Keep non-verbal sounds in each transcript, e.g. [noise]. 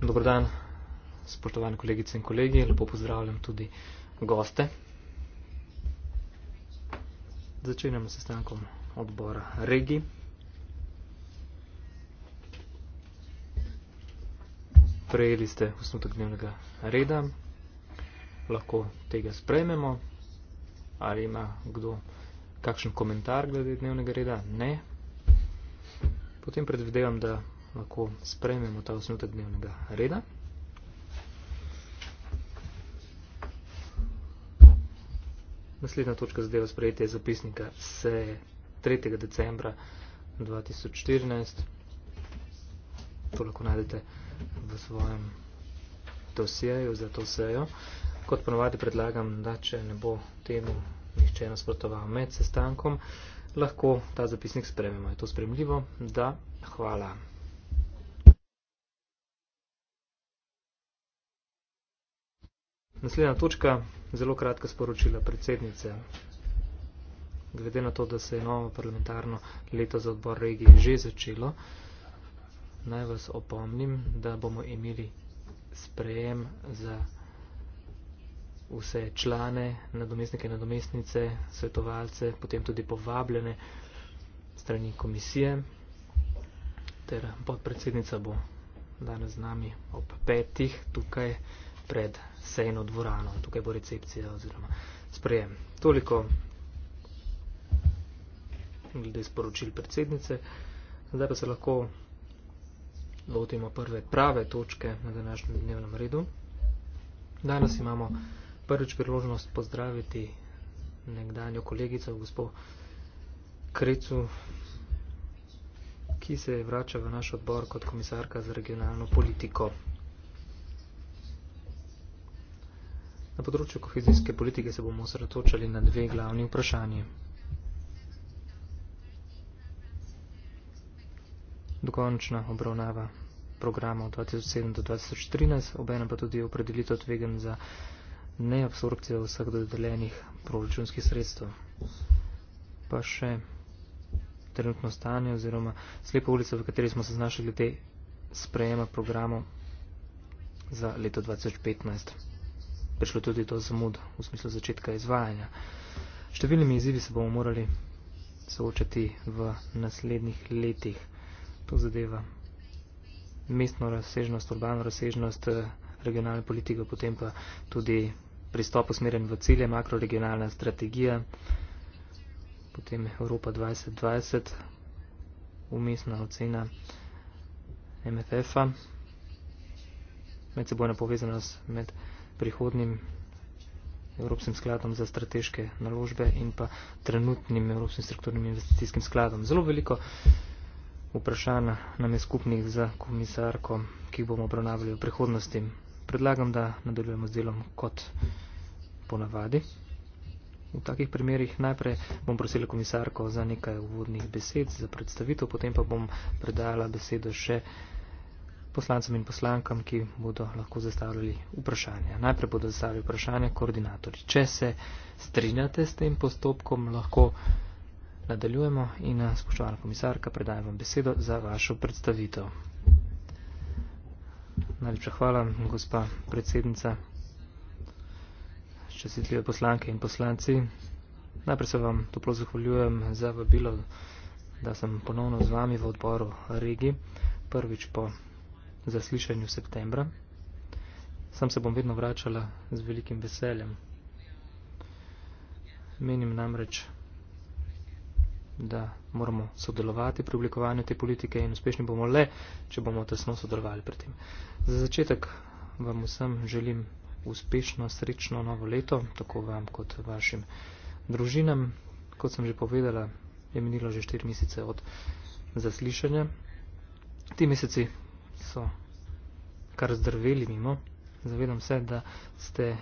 Dobro dan, spoštovani kolegice in kolegi, lepo pozdravljam tudi goste. Začenjamo s stankom odbora Regi. Prejeli ste osnutek dnevnega reda, lahko tega sprejmemo. Ali ima kdo kakšen komentar glede dnevnega reda? Ne potem predvidevam, da lahko sprememo ta osnutek dnevnega reda. Naslednja točka zadeva sprejetje je zapisnika se 3. decembra 2014. To lahko najdete v svojem dosjeju za to sejo. Kot ponovadi predlagam, da če ne bo temu nihče nasprotoval med sestankom, lahko ta zapisnik sprememo. Je to spremljivo? Da, hvala. Naslednja točka, zelo kratka sporočila predsednice. Glede na to, da se je novo parlamentarno leto za odbor regije že začelo, naj vas opomnim, da bomo imeli sprejem za vse člane, nadomestnike, nadomestnice, svetovalce, potem tudi povabljene strani komisije. Ter podpredsednica bo danes z nami ob petih tukaj pred sejno dvorano. Tukaj bo recepcija oziroma sprejem. Toliko glede sporočil predsednice. Zdaj pa se lahko lotimo prve prave točke na današnjem dnevnem redu. Danes imamo prvič priložnost pozdraviti nekdanjo kolegico, gospod Krecu, ki se vrača v naš odbor kot komisarka za regionalno politiko. Na področju kohezijske politike se bomo osredotočali na dve glavni vprašanje. Dokončna obravnava programov 2007-2013, obenem pa tudi opredelitev tvegan za ne absorpcija vseh dodeljenih proračunskih sredstev. Pa še trenutno stanje oziroma slepo ulico, v kateri smo se znašli glede sprejema programov za leto 2015. Prišlo tudi do zamud v smislu začetka izvajanja. Številnimi izzivi se bomo morali soočati v naslednjih letih. To zadeva mestno razsežnost, urbano razsežnost, eh, regionalne politike, potem pa tudi pristop usmerjen v cilje, makroregionalna strategija, potem Evropa 2020, umestna ocena MFF-a, medsebojna povezanost med prihodnim Evropskim skladom za strateške naložbe in pa trenutnim Evropskim strukturnim investicijskim skladom. Zelo veliko vprašanj nam je skupnih za komisarko, ki bomo obravnavali v prihodnosti predlagam, da nadaljujemo z delom kot ponavadi. V takih primerjih najprej bom prosila komisarko za nekaj uvodnih besed, za predstavitev, potem pa bom predala besedo še poslancem in poslankam, ki bodo lahko zastavljali vprašanja. Najprej bodo zastavljali vprašanja koordinatorji. Če se strinjate s tem postopkom, lahko nadaljujemo in spoštovana komisarka, predajam vam besedo za vašo predstavitev. Najlepša hvala, gospa predsednica, ščasitljive poslanke in poslanci. Najprej se vam toplo zahvaljujem za vabilo, da sem ponovno z vami v odboru Regi, prvič po zaslišanju septembra. Sam se bom vedno vračala z velikim veseljem. Menim namreč, da moramo sodelovati pri oblikovanju te politike in uspešni bomo le, če bomo tesno sodelovali pri tem. Za začetek vam vsem želim uspešno, srečno novo leto, tako vam kot vašim družinam. Kot sem že povedala, je minilo že štiri mesece od zaslišanja. Ti meseci so kar zdrveli mimo. Zavedam se, da ste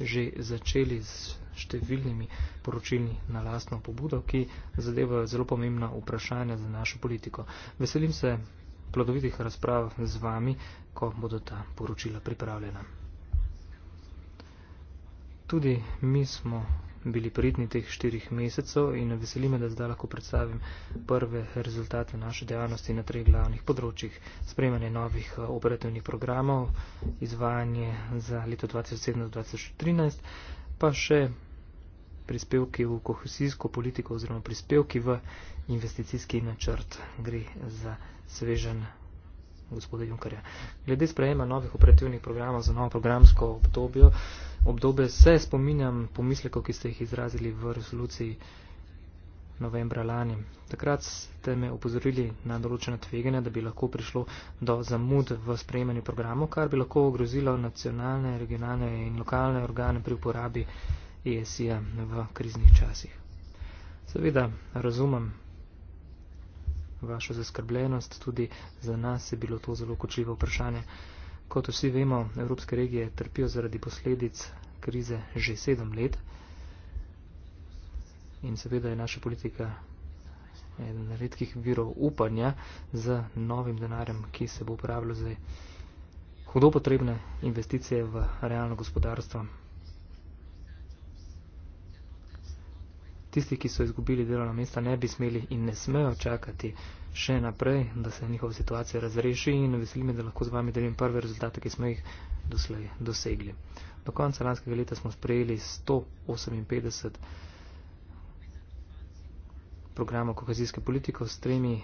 že začeli s številnimi poročili na lastno pobudo, ki zadevajo zelo pomembna vprašanja za našo politiko. Veselim se plodovitih razprav z vami, ko bodo ta poročila pripravljena. Tudi mi smo bili pridni teh štirih mesecev in veselime, da zdaj lahko predstavim prve rezultate naše dejavnosti na treh glavnih področjih. Spremanje novih eh, operativnih programov, izvajanje za leto 2017-2013 pa še prispevki v kohesijsko politiko oziroma prispevki v investicijski načrt. Gre za svežen gospoda Junkarja. Glede sprejema novih operativnih programov za novo programsko obdobje, obdobje se spominjam pomislekov, ki ste jih izrazili v resoluciji novembra lani. Takrat ste me upozorili na določena tveganja, da bi lahko prišlo do zamud v sprejemanju programov, kar bi lahko ogrozilo nacionalne, regionalne in lokalne organe pri uporabi ESI-ja v kriznih časih. Seveda razumem vašo zaskrbljenost, tudi za nas je bilo to zelo kočljivo vprašanje. Kot vsi vemo, evropske regije trpijo zaradi posledic krize že sedem let in seveda je naša politika eden redkih virov upanja z novim denarjem, ki se bo upravljal za hudo potrebne investicije v realno gospodarstvo. Tisti, ki so izgubili delovna mesta, ne bi smeli in ne smejo čakati še naprej, da se njihova situacija razreši in veseli me, da lahko z vami delim prve rezultate, ki smo jih doslej dosegli. Do konca lanskega leta smo sprejeli 158 programa kohezijske politike s tremi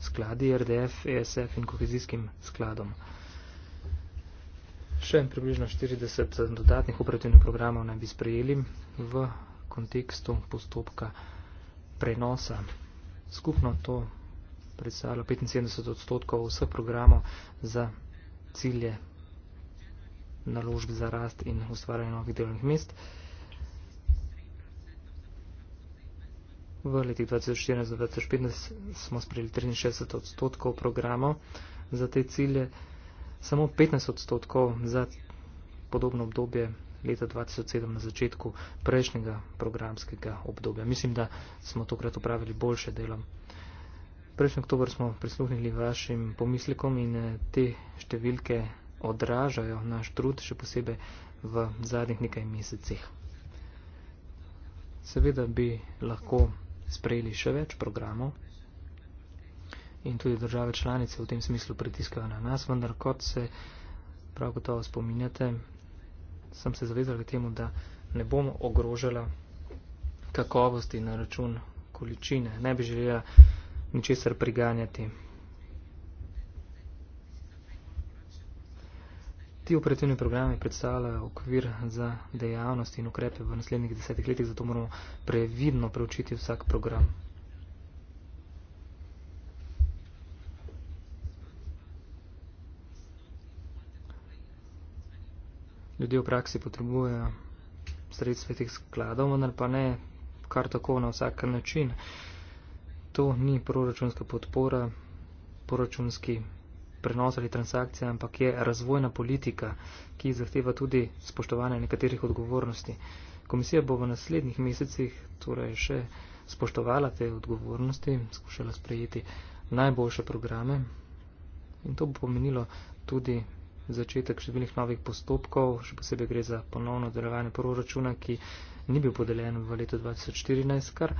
skladi RDF, ESF in kohezijskim skladom. Še en približno 40 dodatnih operativnih programov naj bi sprejeli v kontekstu postopka prenosa. Skupno to predstavlja 75 odstotkov vseh programov za cilje naložb za rast in ustvarjanje novih delovnih mest. V letih 2014-2015 smo sprejeli 63 odstotkov programov za te cilje, samo 15 odstotkov za podobno obdobje leta 2007 na začetku prejšnjega programskega obdobja. Mislim, da smo tokrat upravili boljše delo. Prejšnji oktober smo prisluhnili vašim pomislikom in eh, te številke odražajo naš trud, še posebej v zadnjih nekaj mesecih. Seveda bi lahko sprejeli še več programov in tudi države članice v tem smislu pritiskajo na nas, vendar kot se prav gotovo spominjate, sem se zavezal k temu, da ne bom ogrožala kakovosti na račun količine. Ne bi želela ničesar priganjati. Ti operativni programi predstavljajo okvir za dejavnosti in ukrepe v naslednjih desetih letih, zato moramo previdno preučiti vsak program. Ljudje v praksi potrebujejo sredstva teh skladov, vendar pa ne kar tako na vsak način. To ni proračunska podpora, proračunski prenos ali transakcija, ampak je razvojna politika, ki zahteva tudi spoštovanje nekaterih odgovornosti. Komisija bo v naslednjih mesecih torej še spoštovala te odgovornosti, skušala sprejeti najboljše programe in to bo pomenilo tudi začetek številnih novih postopkov, še posebej gre za ponovno delovanje proračuna, ki ni bil podeljen v letu 2014, kar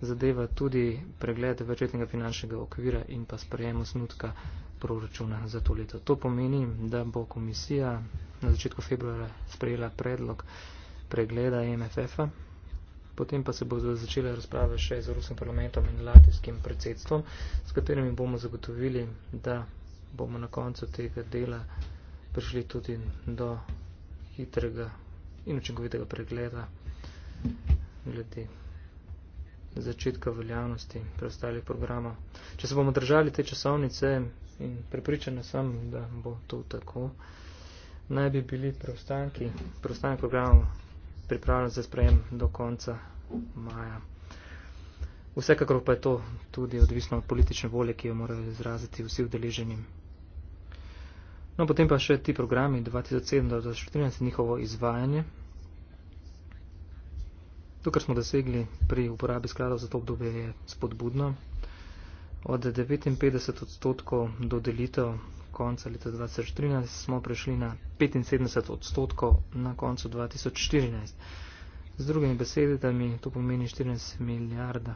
zadeva tudi pregled večetnega finančnega okvira in pa sprejem osnutka proračuna za to leto. To pomeni, da bo komisija na začetku februara sprejela predlog pregleda e MFF-a, potem pa se bodo začele razprave še z Evropskim parlamentom in latvijskim predsedstvom, s katerimi bomo zagotovili, da bomo na koncu tega dela prišli tudi do hitrega in učinkovitega pregleda glede začetka veljavnosti preostalih programa. Če se bomo držali te časovnice in prepričane sem, da bo to tako, naj bi bili preostanki, preostanek programov pripravljen za sprejem do konca maja. Vsekakor pa je to tudi odvisno od politične volje, ki jo morajo izraziti vsi udeleženi. No, potem pa še ti programi 2007-2014, njihovo izvajanje, To, kar smo dosegli pri uporabi skladov za to obdobje, je spodbudno. Od 59 odstotkov do delitev konca leta 2013 smo prešli na 75 odstotkov na koncu 2014. Z drugimi besedami to pomeni 14 milijarda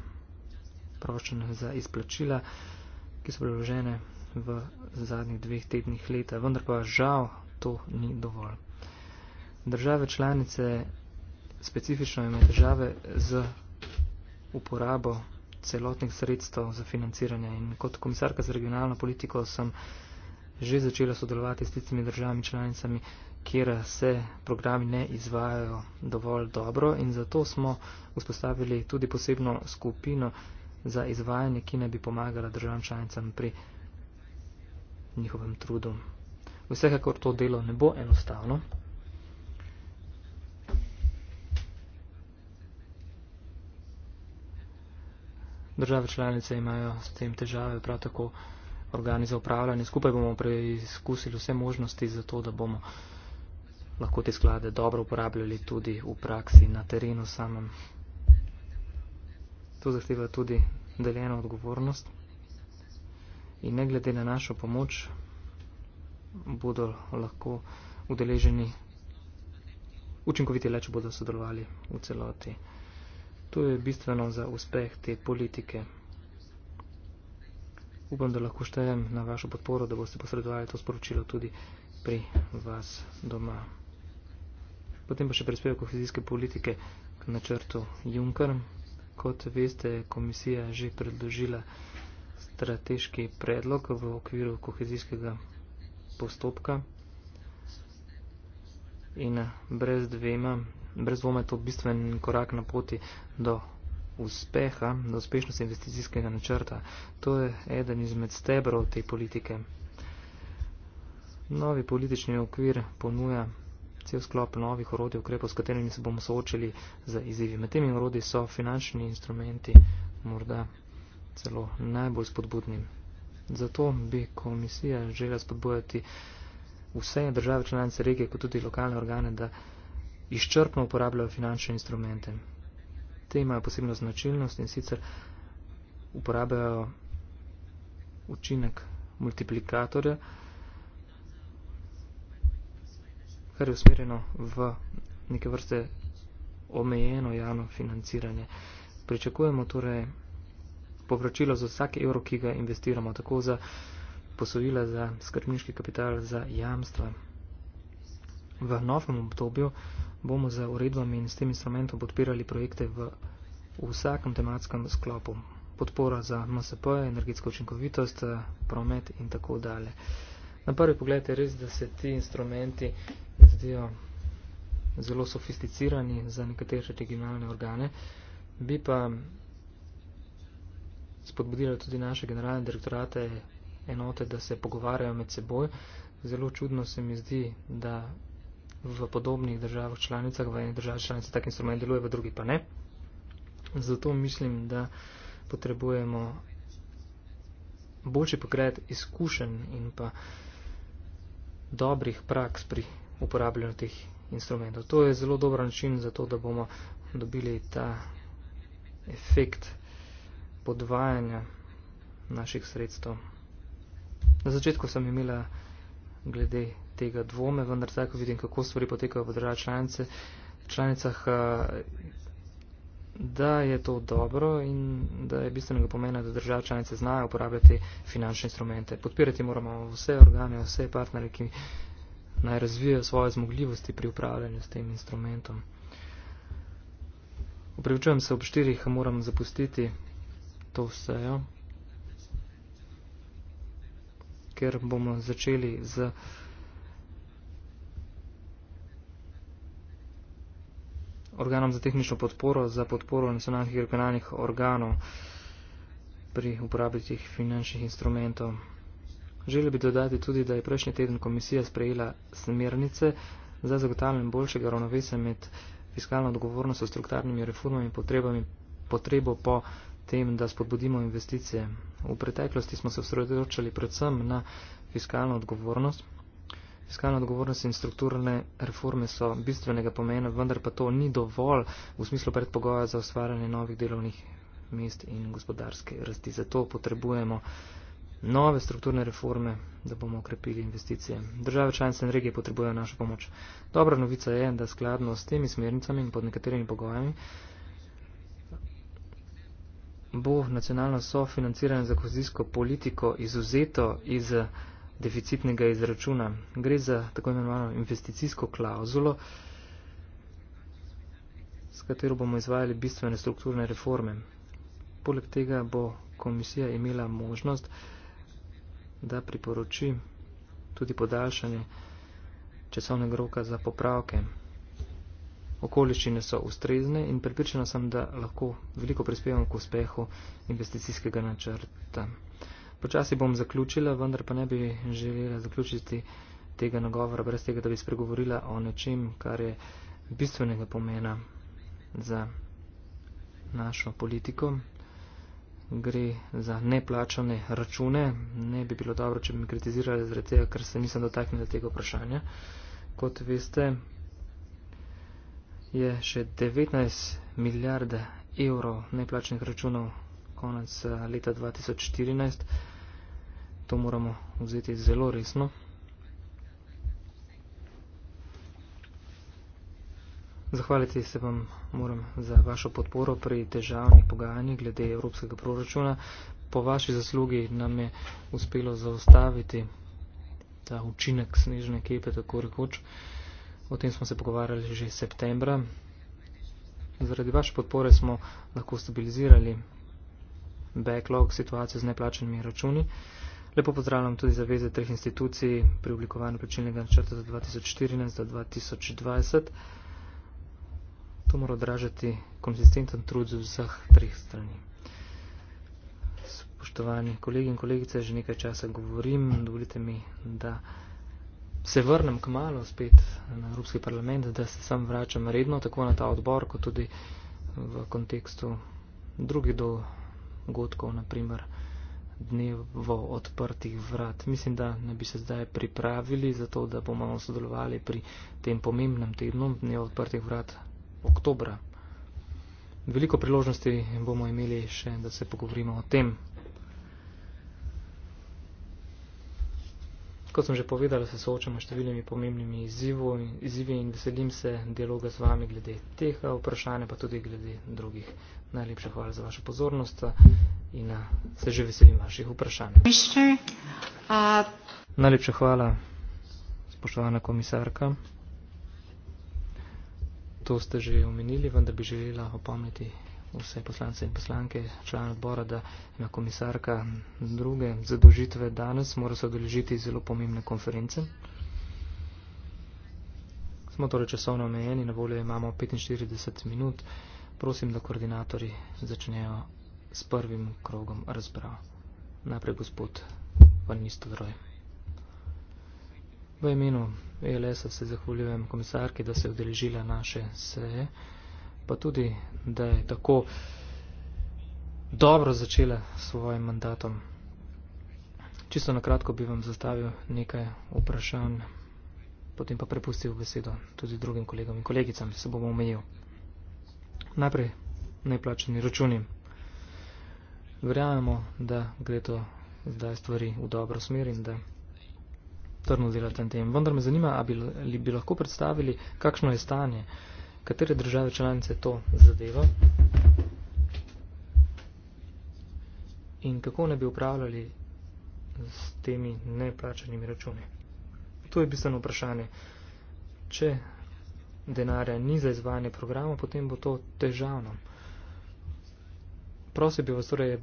prošljene za izplačila, ki so priložene v zadnjih dveh tednih leta. Vendar pa žal to ni dovolj. Države članice specifično ima države z uporabo celotnih sredstev za financiranje. In kot komisarka za regionalno politiko sem že začela sodelovati s tistimi državami članicami, kjer se programi ne izvajajo dovolj dobro in zato smo vzpostavili tudi posebno skupino za izvajanje, ki ne bi pomagala državam članicam pri njihovem trudu. Vsekakor to delo ne bo enostavno. Države članice imajo s tem težave, prav tako organi za upravljanje. Skupaj bomo preizkusili vse možnosti za to, da bomo lahko te sklade dobro uporabljali tudi v praksi na terenu samem. To zahteva tudi deljeno odgovornost in ne glede na našo pomoč bodo lahko udeleženi učinkoviti le, če bodo sodelovali v celoti. To je bistveno za uspeh te politike. Upam, da lahko štejem na vašo podporo, da boste posredovali to sporočilo tudi pri vas doma. Potem pa še prispevek kohezijske politike k načrtu Juncker. Kot veste, komisija je že predložila strateški predlog v okviru kohezijskega postopka. In brez dvema brez dvoma je to bistven korak na poti do uspeha, do uspešnosti investicijskega načrta. To je eden izmed stebrov te politike. Novi politični okvir ponuja cel sklop novih orodij ukrepov, s katerimi se bomo soočili za izzivi. Med temi orodji so finančni instrumenti morda celo najbolj spodbudni. Zato bi komisija želela spodbujati vse države članice regije, kot tudi lokalne organe, da izčrpno uporabljajo finančne instrumente. Te imajo posebno značilnost in sicer uporabljajo učinek multiplikatorja, kar je usmerjeno v neke vrste omejeno javno financiranje. Pričakujemo torej povračilo za vsak evro, ki ga investiramo, tako za posojila, za skrbniški kapital, za jamstva. V novem obdobju bomo za uredbami in s tem instrumentom podpirali projekte v vsakem tematskem sklopu. Podpora za MSP, energetsko učinkovitost, promet in tako dalje. Na prvi pogled je res, da se ti instrumenti zdijo zelo sofisticirani za nekatere regionalne organe, bi pa spodbudilo tudi naše generalne direktorate enote, da se pogovarjajo med seboj. Zelo čudno se mi zdi, da v podobnih državah članicah, v eni državi članici tak instrument deluje, v drugi pa ne. Zato mislim, da potrebujemo boljši pogled izkušenj in pa dobrih praks pri uporabljanju teh instrumentov. To je zelo dober način za to, da bomo dobili ta efekt podvajanja naših sredstev. Na začetku sem imela glede tega dvome, vendar tako ko vidim, kako stvari potekajo v državah članicah, eh, da je to dobro in da je bistvenega pomena, da države članice znajo uporabljati finančne instrumente. Podpirati moramo vse organe, vse partnere, ki naj razvijajo svoje zmogljivosti pri upravljanju s tem instrumentom. Upravičujem se ob štirih, moram zapustiti to vsejo, ker bomo začeli z. organom za tehnično podporo, za podporo nacionalnih regionalnih organov pri uporabi teh finančnih instrumentov. Želi bi dodati tudi, da je prejšnji teden komisija sprejela smernice za zagotavljanje boljšega ravnovesa med fiskalno odgovornostjo, strukturnimi reformami in potrebami, potrebo po tem, da spodbudimo investicije. V preteklosti smo se osredotočali predvsem na fiskalno odgovornost, Fiskalna odgovornost in strukturne reforme so bistvenega pomena, vendar pa to ni dovolj v smislu predpogoja za ustvarjanje novih delovnih mest in gospodarske rasti. Zato potrebujemo nove strukturne reforme, da bomo okrepili investicije. Države članice in regije potrebujejo našo pomoč. Dobra novica je, da skladno s temi smernicami in pod nekaterimi pogojami bo nacionalno sofinanciranje za kozijsko politiko izuzeto iz. Uh, deficitnega izračuna. Gre za tako imenovano investicijsko klauzulo, s katero bomo izvajali bistvene strukturne reforme. Poleg tega bo komisija imela možnost, da priporoči tudi podaljšanje časovnega roka za popravke. Okoliščine so ustrezne in pripričana sem, da lahko veliko prispevamo k uspehu investicijskega načrta. Počasi bom zaključila, vendar pa ne bi želela zaključiti tega nagovora brez tega, da bi spregovorila o nečem, kar je bistvenega pomena za našo politiko. Gre za neplačane račune. Ne bi bilo dobro, če bi mi kritizirali zaradi tega, ker se nisem dotaknila tega vprašanja. Kot veste, je še 19 milijarde evrov neplačnih računov konec eh, leta 2014 to moramo vzeti zelo resno. Zahvaliti se vam moram za vašo podporo pri težavnih pogajanjih glede evropskega proračuna. Po vaši zaslugi nam je uspelo zaustaviti ta učinek snežne kepe, tako rekoč. O tem smo se pogovarjali že septembra. Zaradi vaše podpore smo lahko stabilizirali backlog situacije z neplačenimi računi. Lepo pozdravljam tudi zaveze treh institucij pri oblikovanju plačilnega načrta za 2014 do 2020. To mora odražati konsistenten trud z vseh treh strani. Spoštovani kolegi in kolegice, že nekaj časa govorim, dovolite mi, da se vrnem k malo spet na Evropski parlament, da se sam vračam redno, tako na ta odbor, kot tudi v kontekstu drugih dogodkov, naprimer. primer dnevo odprtih vrat. Mislim, da ne bi se zdaj pripravili za to, da bomo sodelovali pri tem pomembnem tednu dnevo odprtih vrat oktobra. Veliko priložnosti bomo imeli še, da se pogovorimo o tem. Kot sem že povedal, se soočamo s številnimi pomembnimi izzivi in veselim se dialoga z vami glede teh vprašanj, pa tudi glede drugih. Najlepša hvala za vašo pozornost in se že veselim vaših vprašanj. Najlepša hvala, spoštovana komisarka. To ste že omenili, vendar bi želela opomniti vse poslance in poslanke, člane odbora, da ima komisarka druge zadožitve danes, mora se odeležiti zelo pomembne konference. Smo torej časovno omejeni, na voljo imamo 45 minut. Prosim, da koordinatori začnejo s prvim krogom razprav. Najprej gospod Vanisto Droj. V imenu ELS-a se zahvaljujem komisarki, da se je odeležila naše seje pa tudi, da je tako dobro začela s svojim mandatom. Čisto na kratko bi vam zastavil nekaj vprašanj, potem pa prepustil besedo tudi drugim kolegom in kolegicam, se bomo omejil. Najprej najplačeni računi. Verjamemo, da gre to zdaj stvari v dobro smer in da trdno delate na tem. Vendar me zanima, ali bi lahko predstavili, kakšno je stanje. Uh, Katere države članice to zadeva? In kako ne bi upravljali s temi neplačanimi računi? To je bistveno vprašanje. Če denarja ni za izvajanje programa, potem bo to težavno prosil bi vas torej,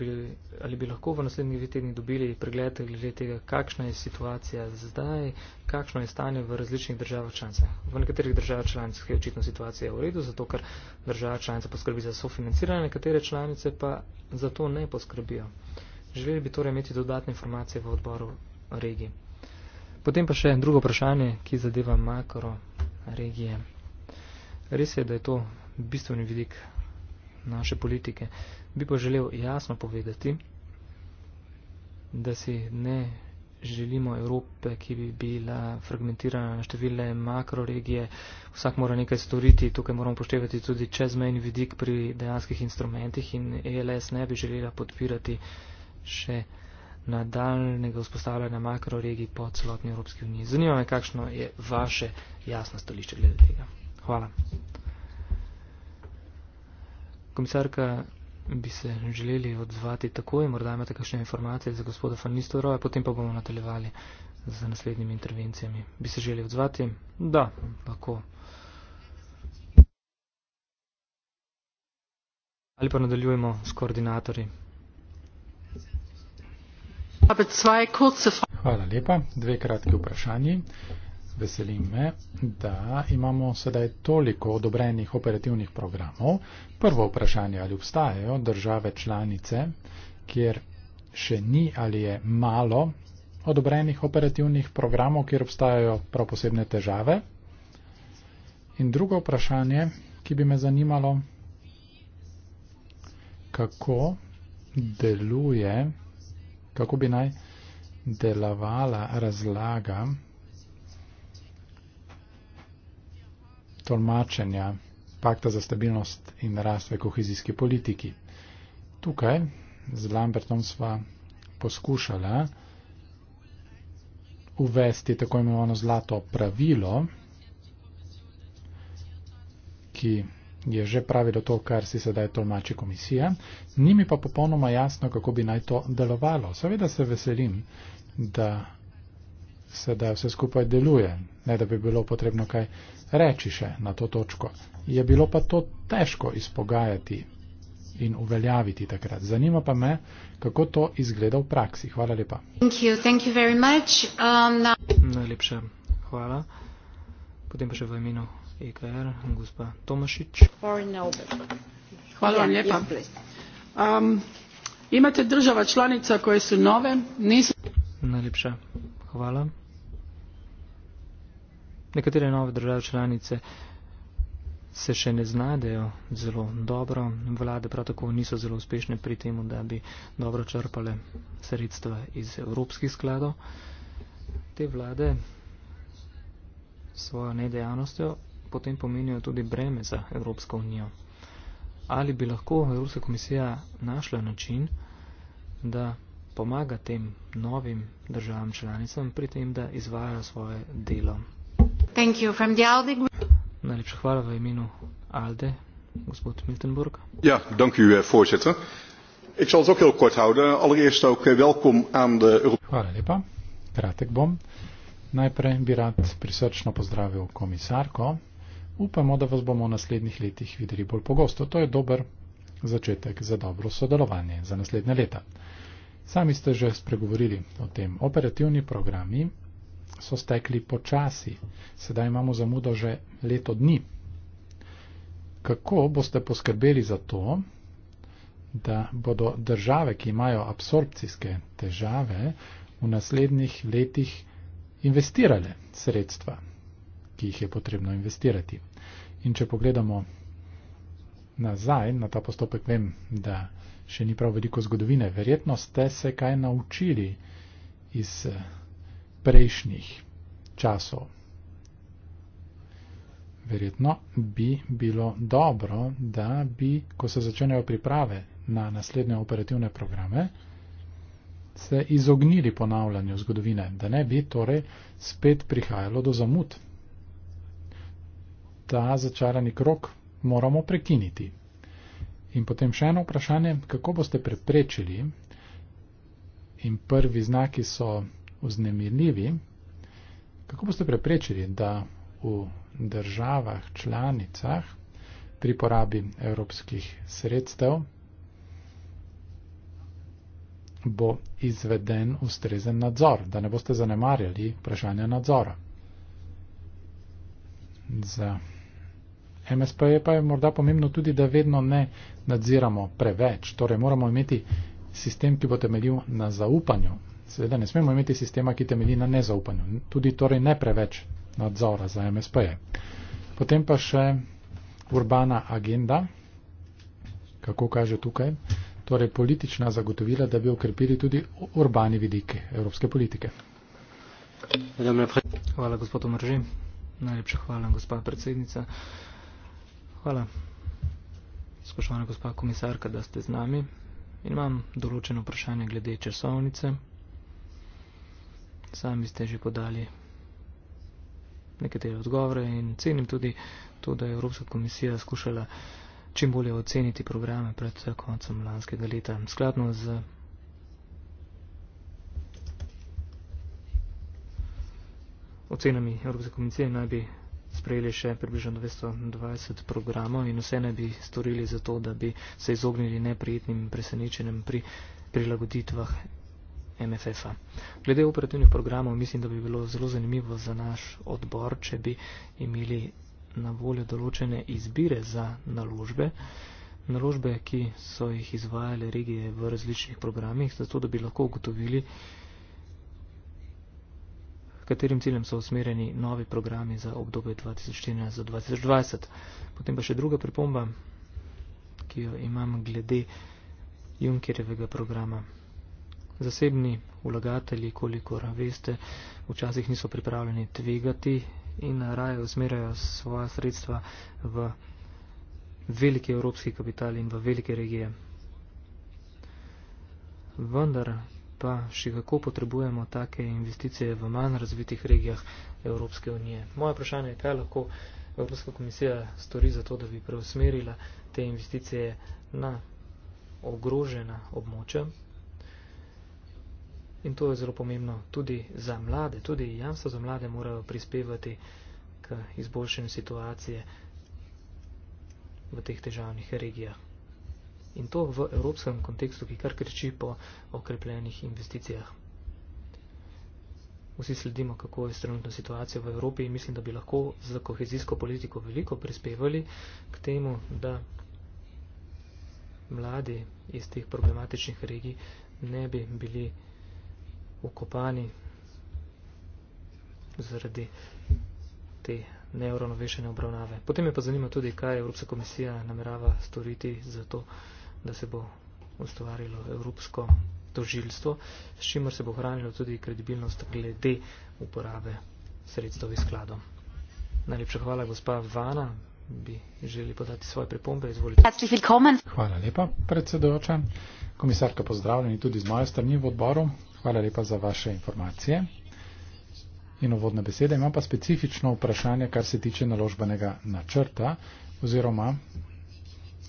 ali bi lahko v naslednjih dveh tednih dobili pregled glede tega, kakšna je situacija zdaj, kakšno je stanje v različnih državah članicah. V nekaterih državah članicah je očitno situacija v redu, zato ker država članica poskrbi za sofinanciranje, nekatere članice pa za to ne poskrbijo. Želeli bi torej imeti dodatne informacije v odboru regije. Potem pa še drugo vprašanje, ki zadeva makro regije. Res je, da je to bistveni vidik naše politike. Bi pa želel jasno povedati, da si ne želimo Evrope, ki bi bila fragmentirana na številne makroregije. Vsak mora nekaj storiti, tukaj moramo poštevati tudi čezmejni vidik pri dejanskih instrumentih in ELS ne bi želela podpirati še nadaljnega vzpostavljanja makroregij po celotni Evropski uniji. Zanima me, kakšno je vaše jasno stališče glede tega. Hvala. Komisarka, bi se želeli odzvati takoj, morda imate kakšne informacije za gospoda Fanistorova, potem pa bomo nadaljevali z naslednjimi intervencijami. Bi se želeli odzvati? Da, lahko. Ali pa nadaljujemo s koordinatorji? Hvala lepa. Dve kratke vprašanje veselim me, da imamo sedaj toliko odobrenih operativnih programov. Prvo vprašanje, ali obstajajo države članice, kjer še ni ali je malo odobrenih operativnih programov, kjer obstajajo prav posebne težave. In drugo vprašanje, ki bi me zanimalo, kako deluje, kako bi naj delovala razlaga tolmačenja pakta za stabilnost in rast v kohezijski politiki. Tukaj z Lambertom sva poskušala uvesti tako imenovano zlato pravilo, ki je že pravilo to, kar si sedaj tolmači komisija. Nimi pa popolnoma jasno, kako bi naj to delovalo. Seveda se veselim, da sedaj vse skupaj deluje, ne da bi bilo potrebno kaj reči še na to točko. Je bilo pa to težko izpogajati in uveljaviti takrat. Zanima pa me, kako to izgleda v praksi. Hvala lepa. Thank you, thank you um, na... Najlepše hvala. Potem pa še v imenu EKR, gospa Tomašič. Hvala vam lepa. Um, imate država članica, koje su nove? Nisu... Najlepša hvala. Nekatere nove države članice se še ne znadejo zelo dobro, vlade prav tako niso zelo uspešne pri tem, da bi dobro črpale sredstva iz evropskih skladov. Te vlade svojo nedejavnostjo potem pomenijo tudi breme za Evropsko unijo. Ali bi lahko Evropska komisija našla način, da pomaga tem novim državam članicam pri tem, da izvajajo svoje delo? Thank you. From the ALDE Najlepša hvala v imenu ALDE, gospod Miltenburg. Ja, dank u eh, voorzitter. Ik zal het ook heel kort houden. Allereerst ook eh, welkom aan de Europese... Hvala lepa, kratek bom. Najprej bi rad prisrčno pozdravil komisarko. Upamo, da vas bomo v naslednjih letih videli bolj pogosto. To je dober začetek za dobro sodelovanje za naslednje leta. Sami ste že spregovorili o tem operativni programi, so stekli počasi. Sedaj imamo zamudo že leto dni. Kako boste poskrbeli za to, da bodo države, ki imajo absorpcijske težave, v naslednjih letih investirale sredstva, ki jih je potrebno investirati? In če pogledamo nazaj na ta postopek, vem, da še ni prav veliko zgodovine. Verjetno ste se kaj naučili iz eh, prejšnjih časov. Verjetno bi bilo dobro, da bi, ko se začnejo priprave na naslednje operativne programe, se izognili ponavljanju zgodovine, da ne bi torej spet prihajalo do zamud. Ta začarani krok moramo prekiniti. In potem še eno vprašanje, kako boste preprečili, in prvi znaki so vznemirljivi. Kako boste preprečili, da v državah članicah pri porabi evropskih sredstev bo izveden ustrezen nadzor, da ne boste zanemarjali vprašanja nadzora. Za MSP je pa je morda pomembno tudi, da vedno ne nadziramo preveč. Torej moramo imeti sistem, ki bo temeljil na zaupanju Seveda ne smemo imeti sistema, ki temelji na nezaupanju, tudi torej ne preveč nadzora za MSP-je. Potem pa še urbana agenda, kako kaže tukaj, torej politična zagotovila, da bi okrepili tudi urbani vidik evropske politike. Hvala, gospod Omrži. Najlepša hvala, gospa predsednica. Hvala, spoštovana gospa komisarka, da ste z nami. In imam določeno vprašanje glede časovnice sami ste že podali nekatere odgovore in cenim tudi to, da je Evropska komisija skušala čim bolje oceniti programe pred koncem lanskega leta. Skladno z ocenami Evropske komisije naj bi sprejeli še približno 220 programov in vse naj bi storili za to, da bi se izognili neprijetnim presenečenjem pri prilagoditvah MFF-a. Glede operativnih programov mislim, da bi bilo zelo zanimivo za naš odbor, če bi imeli na voljo določene izbire za naložbe, naložbe, ki so jih izvajale regije v različnih programih, zato da bi lahko ugotovili, katerim ciljem so usmerjeni novi programi za obdobje 2014 do 2020. Potem pa še druga pripomba, ki jo imam glede Junkerjevega programa zasebni vlagatelji, kolikor veste, včasih niso pripravljeni tvegati in raje usmerjajo svoja sredstva v velike evropski kapital in v velike regije. Vendar pa še kako potrebujemo take investicije v manj razvitih regijah Evropske unije. Moje vprašanje je, kaj lahko Evropska komisija stori za to, da bi preusmerila te investicije na ogrožena območja. In to je zelo pomembno tudi za mlade. Tudi jamstva za mlade morajo prispevati k izboljšanju situacije v teh težavnih regijah. In to v evropskem kontekstu, ki kar kriči po okrepljenih investicijah. Vsi sledimo, kako je trenutna situacija v Evropi in mislim, da bi lahko z kohezijsko politiko veliko prispevali k temu, da mladi iz teh problematičnih regij ne bi bili ukopani zaradi te neuravnovešene obravnave. Potem je pa zanima tudi, kaj Evropska komisija namerava storiti za to, da se bo ustvarilo Evropsko tožilstvo, s čimer se bo hranilo tudi kredibilnost glede uporabe sredstov iz skladov. Najlepša hvala, gospa Vana, bi želi podati svoje pripombe, izvolite. Hvala lepa, predsedujoča. Komisarka, pozdravljeni tudi z moje strani v odboru. Hvala lepa za vaše informacije. In uvodne besede. Imam pa specifično vprašanje, kar se tiče naložbenega načrta oziroma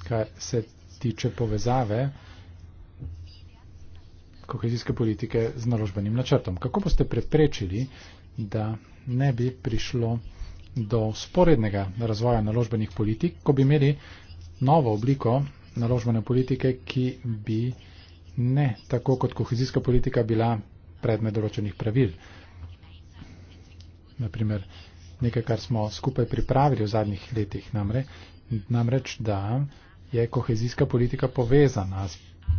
kar se tiče povezave kohezijske politike z naložbenim načrtom. Kako boste preprečili, da ne bi prišlo do sporednega razvoja naložbenih politik, ko bi imeli novo obliko naložbene politike, ki bi ne tako kot kohezijska politika bila predmet določenih pravil. Naprimer, nekaj, kar smo skupaj pripravili v zadnjih letih, namre, namreč, da je kohezijska politika povezana s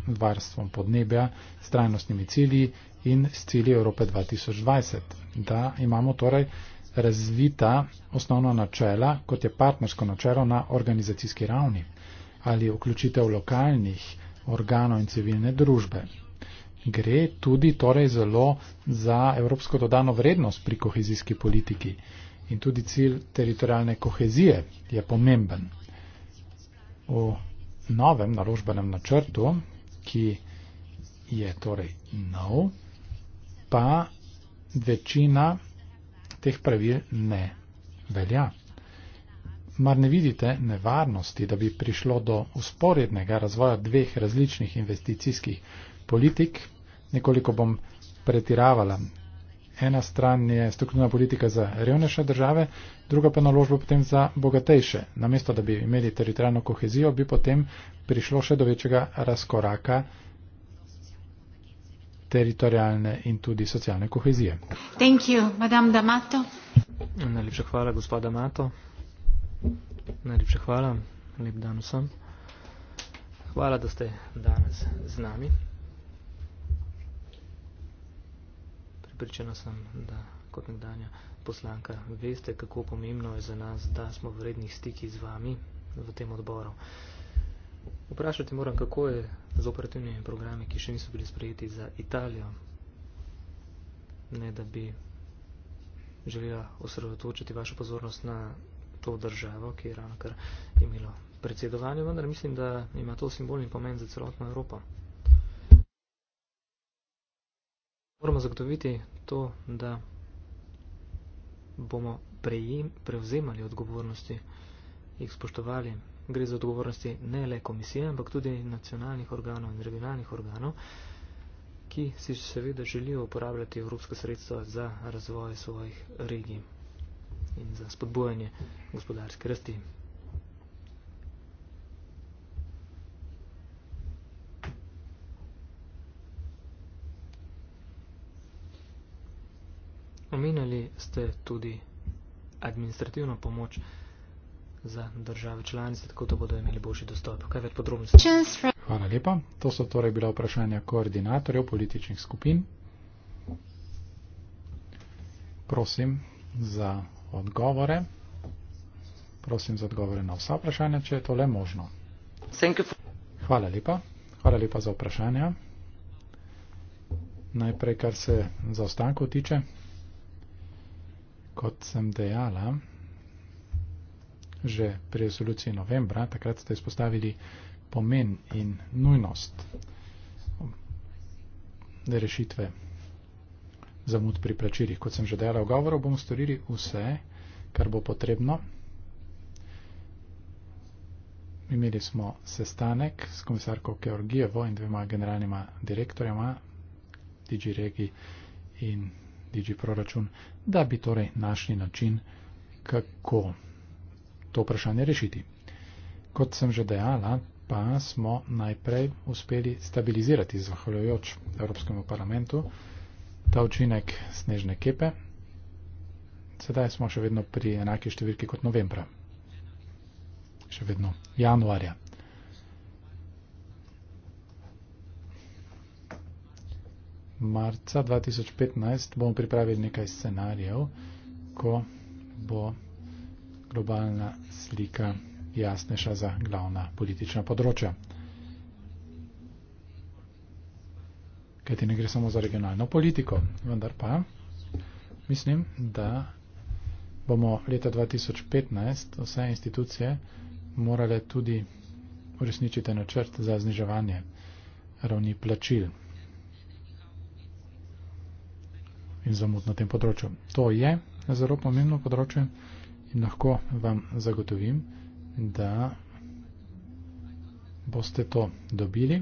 varstvom podnebja, s trajnostnimi cilji in s cilji Evrope 2020. Da imamo torej razvita osnovna načela, kot je partnersko načelo na organizacijski ravni ali vključitev lokalnih organov in civilne družbe. Gre tudi torej zelo za evropsko dodano vrednost pri kohezijski politiki in tudi cilj teritorijalne kohezije je pomemben. V novem naložbenem načrtu, ki je torej nov, pa večina teh pravil ne velja. Mar ne vidite nevarnosti, da bi prišlo do usporednega razvoja dveh različnih investicijskih politik? Nekoliko bom pretiravala. Ena stran je strukturna politika za revnejše države, druga pa naložba potem za bogatejše. Namesto, da bi imeli teritorijalno kohezijo, bi potem prišlo še do večjega razkoraka teritorijalne in tudi socialne kohezije. Najlepša hvala, gospod Damato. Najlepša hvala, lep dan vsem. Hvala, da ste danes z nami. Pripričana sem, da kot nekdanja poslanka veste, kako pomembno je za nas, da smo v rednih stikih z vami v tem odboru. Vprašati moram, kako je z operativnimi programi, ki še niso bili sprejeti za Italijo, ne da bi želela osredotočiti vašo pozornost na to državo, ki je ravno kar imelo predsedovanje, vendar mislim, da ima to simbolni pomen za celotno Evropo. Moramo zagotoviti to, da bomo prejim, prevzemali odgovornosti, jih spoštovali. Gre za odgovornosti ne le komisije, ampak tudi nacionalnih organov in regionalnih organov, ki si seveda želijo uporabljati evropske sredstva za razvoj svojih regij in za spodbujanje gospodarske rasti. Omenjali ste tudi administrativno pomoč za države članice, tako da bodo imeli boljši dostop. Kaj več podrobnosti? Hvala lepa. To so torej bila vprašanja koordinatorjev političnih skupin. Prosim za odgovore. Prosim za odgovore na vsa vprašanja, če je to le možno. Hvala lepa. Hvala lepa za vprašanja. Najprej, kar se za ostanko tiče, kot sem dejala, že pri resoluciji novembra, takrat ste izpostavili pomen in nujnost rešitve zamud pri plačilih. Kot sem že dejala v govoru, bomo storili vse, kar bo potrebno. Imeli smo sestanek s komisarko Georgijevo in dvema generalnima direktorjama, DG Regi in DG Proračun, da bi torej našli način, kako to vprašanje rešiti. Kot sem že dejala, pa smo najprej uspeli stabilizirati, zahvaljujoč Evropskemu parlamentu, ta učinek snežne kepe. Sedaj smo še vedno pri enaki številki kot novembra, še vedno januarja. Marca 2015 bomo pripravili nekaj scenarijev, ko bo globalna slika jasnejša za glavna politična področja. kajti ne gre samo za regionalno politiko, vendar pa mislim, da bomo leta 2015 vse institucije morale tudi uresničiti načrt za zniževanje ravni plačil in zamud na tem področju. To je zelo pomembno področje in lahko vam zagotovim, da boste to dobili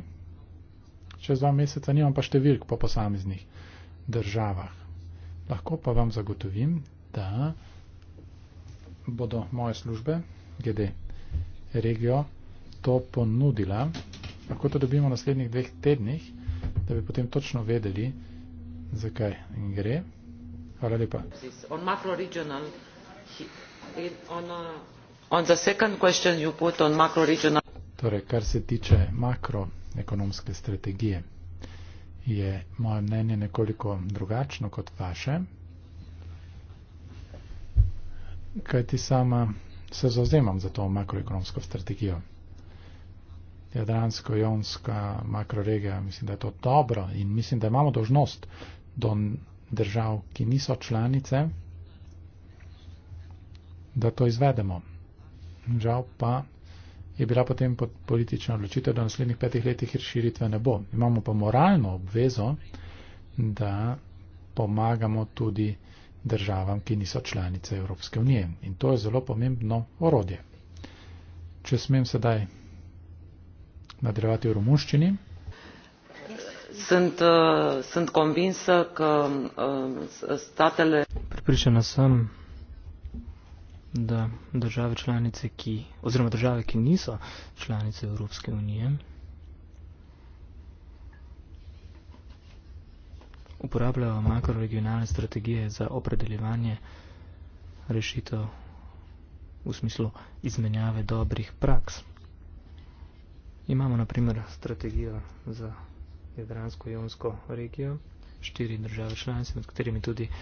čez dva meseca nimam pa številk po posameznih državah. Lahko pa vam zagotovim, da bodo moje službe GD regijo to ponudila. Lahko to dobimo v naslednjih dveh tednih, da bi potem točno vedeli, zakaj gre. Hvala lepa. On macro regional, on, uh, on the second question you put on macro regional. Torej, kar se tiče makro regional, ekonomske strategije. Je moje mnenje nekoliko drugačno kot vaše, kaj ti sama se zauzemam za to makroekonomsko strategijo. Jadransko-jonska makroregija, mislim, da je to dobro in mislim, da imamo dožnost do držav, ki niso članice, da to izvedemo. Žal pa je bila potem politična odločitev, da v naslednjih petih letih širitve ne bo. Imamo pa moralno obvezo, da pomagamo tudi državam, ki niso članice Evropske unije. In to je zelo pomembno orodje. Če smem sedaj nadrevati v romuščini. Sunt, eh, sunt convinsă că eh, statele... Pripričana sem, da države članice, ki, oziroma države, ki niso članice Evropske unije, uporabljajo makroregionalne strategije za opredeljevanje rešitev v smislu izmenjave dobrih praks. Imamo na primer strategijo za Jadransko-Jonsko regijo, štiri države članice, med katerimi tudi uh,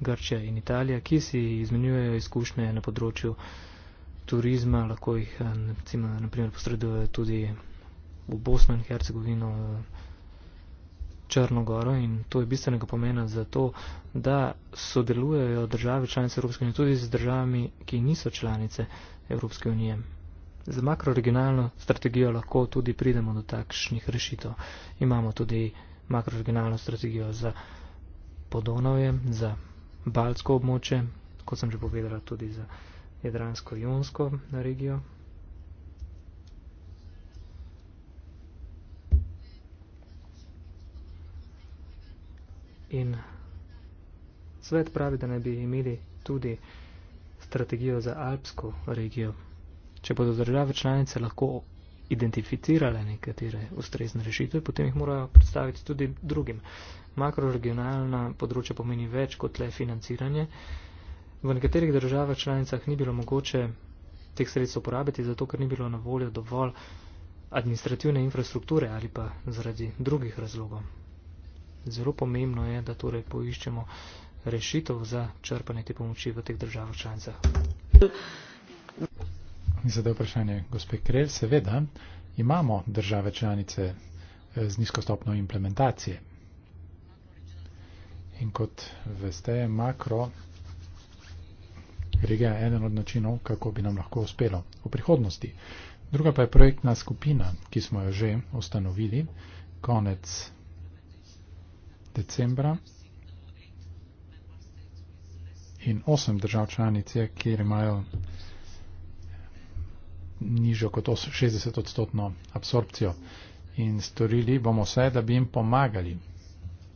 Grčija in Italija, ki si izmenjujejo izkušnje na področju turizma, lahko jih eh, naprimer posredujejo tudi v Bosno in Hercegovino, Črnogoro in to je bistvenega pomena za to, da sodelujejo države članice Evropske unije tudi z državami, ki niso članice Evropske unije. Z makroregionalno strategijo lahko tudi pridemo do takšnih rešitev. Imamo tudi makroregionalno strategijo za Podonovje, za Balsko območje, kot sem že povedala, tudi za Jadransko-Jonsko regijo. In svet pravi, da ne bi imeli tudi strategijo za Alpsko regijo. Če bodo države članice lahko identificirale nekatere ustrezne rešitve, potem jih morajo predstaviti tudi drugim. Makroregionalna področja pomeni več kot le financiranje. V nekaterih državah članicah ni bilo mogoče teh sredstev uporabiti, zato ker ni bilo na voljo dovolj administrativne infrastrukture ali pa zaradi drugih razlogov. Zelo pomembno je, da torej poiščemo rešitev za črpanje te pomoči v teh državah članicah za to vprašanje, gospod Krel, seveda imamo države članice eh, z nizko stopno implementacije. In kot veste, je makro regija eden od načinov, kako bi nam lahko uspelo v prihodnosti. Druga pa je projektna skupina, ki smo jo že ustanovili konec decembra in osem držav članic, kjer imajo nižjo kot 60 odstotno absorpcijo. In storili bomo vse, da bi jim pomagali.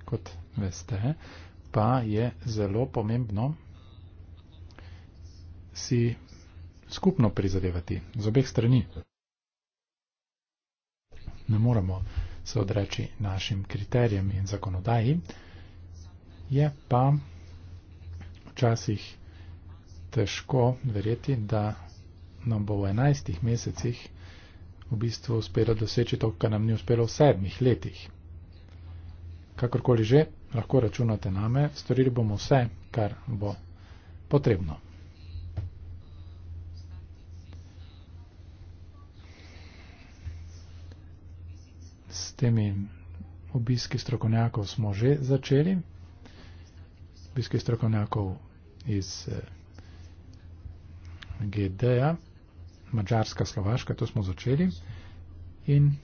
Kot veste, pa je zelo pomembno si skupno prizadevati z obeh strani. Ne moramo se odreči našim kriterijem in zakonodaji. Je pa včasih težko verjeti, da nam bo v enajstih mesecih v bistvu uspelo doseči to, kar nam ni uspelo v sedmih letih. Kakorkoli že, lahko računate name, storili bomo vse, kar bo potrebno. S temi obiski strokovnjakov smo že začeli. Obiski strokovnjakov iz eh, GD-ja. -ja. Mačarska, Slovaška, to smo začeli. In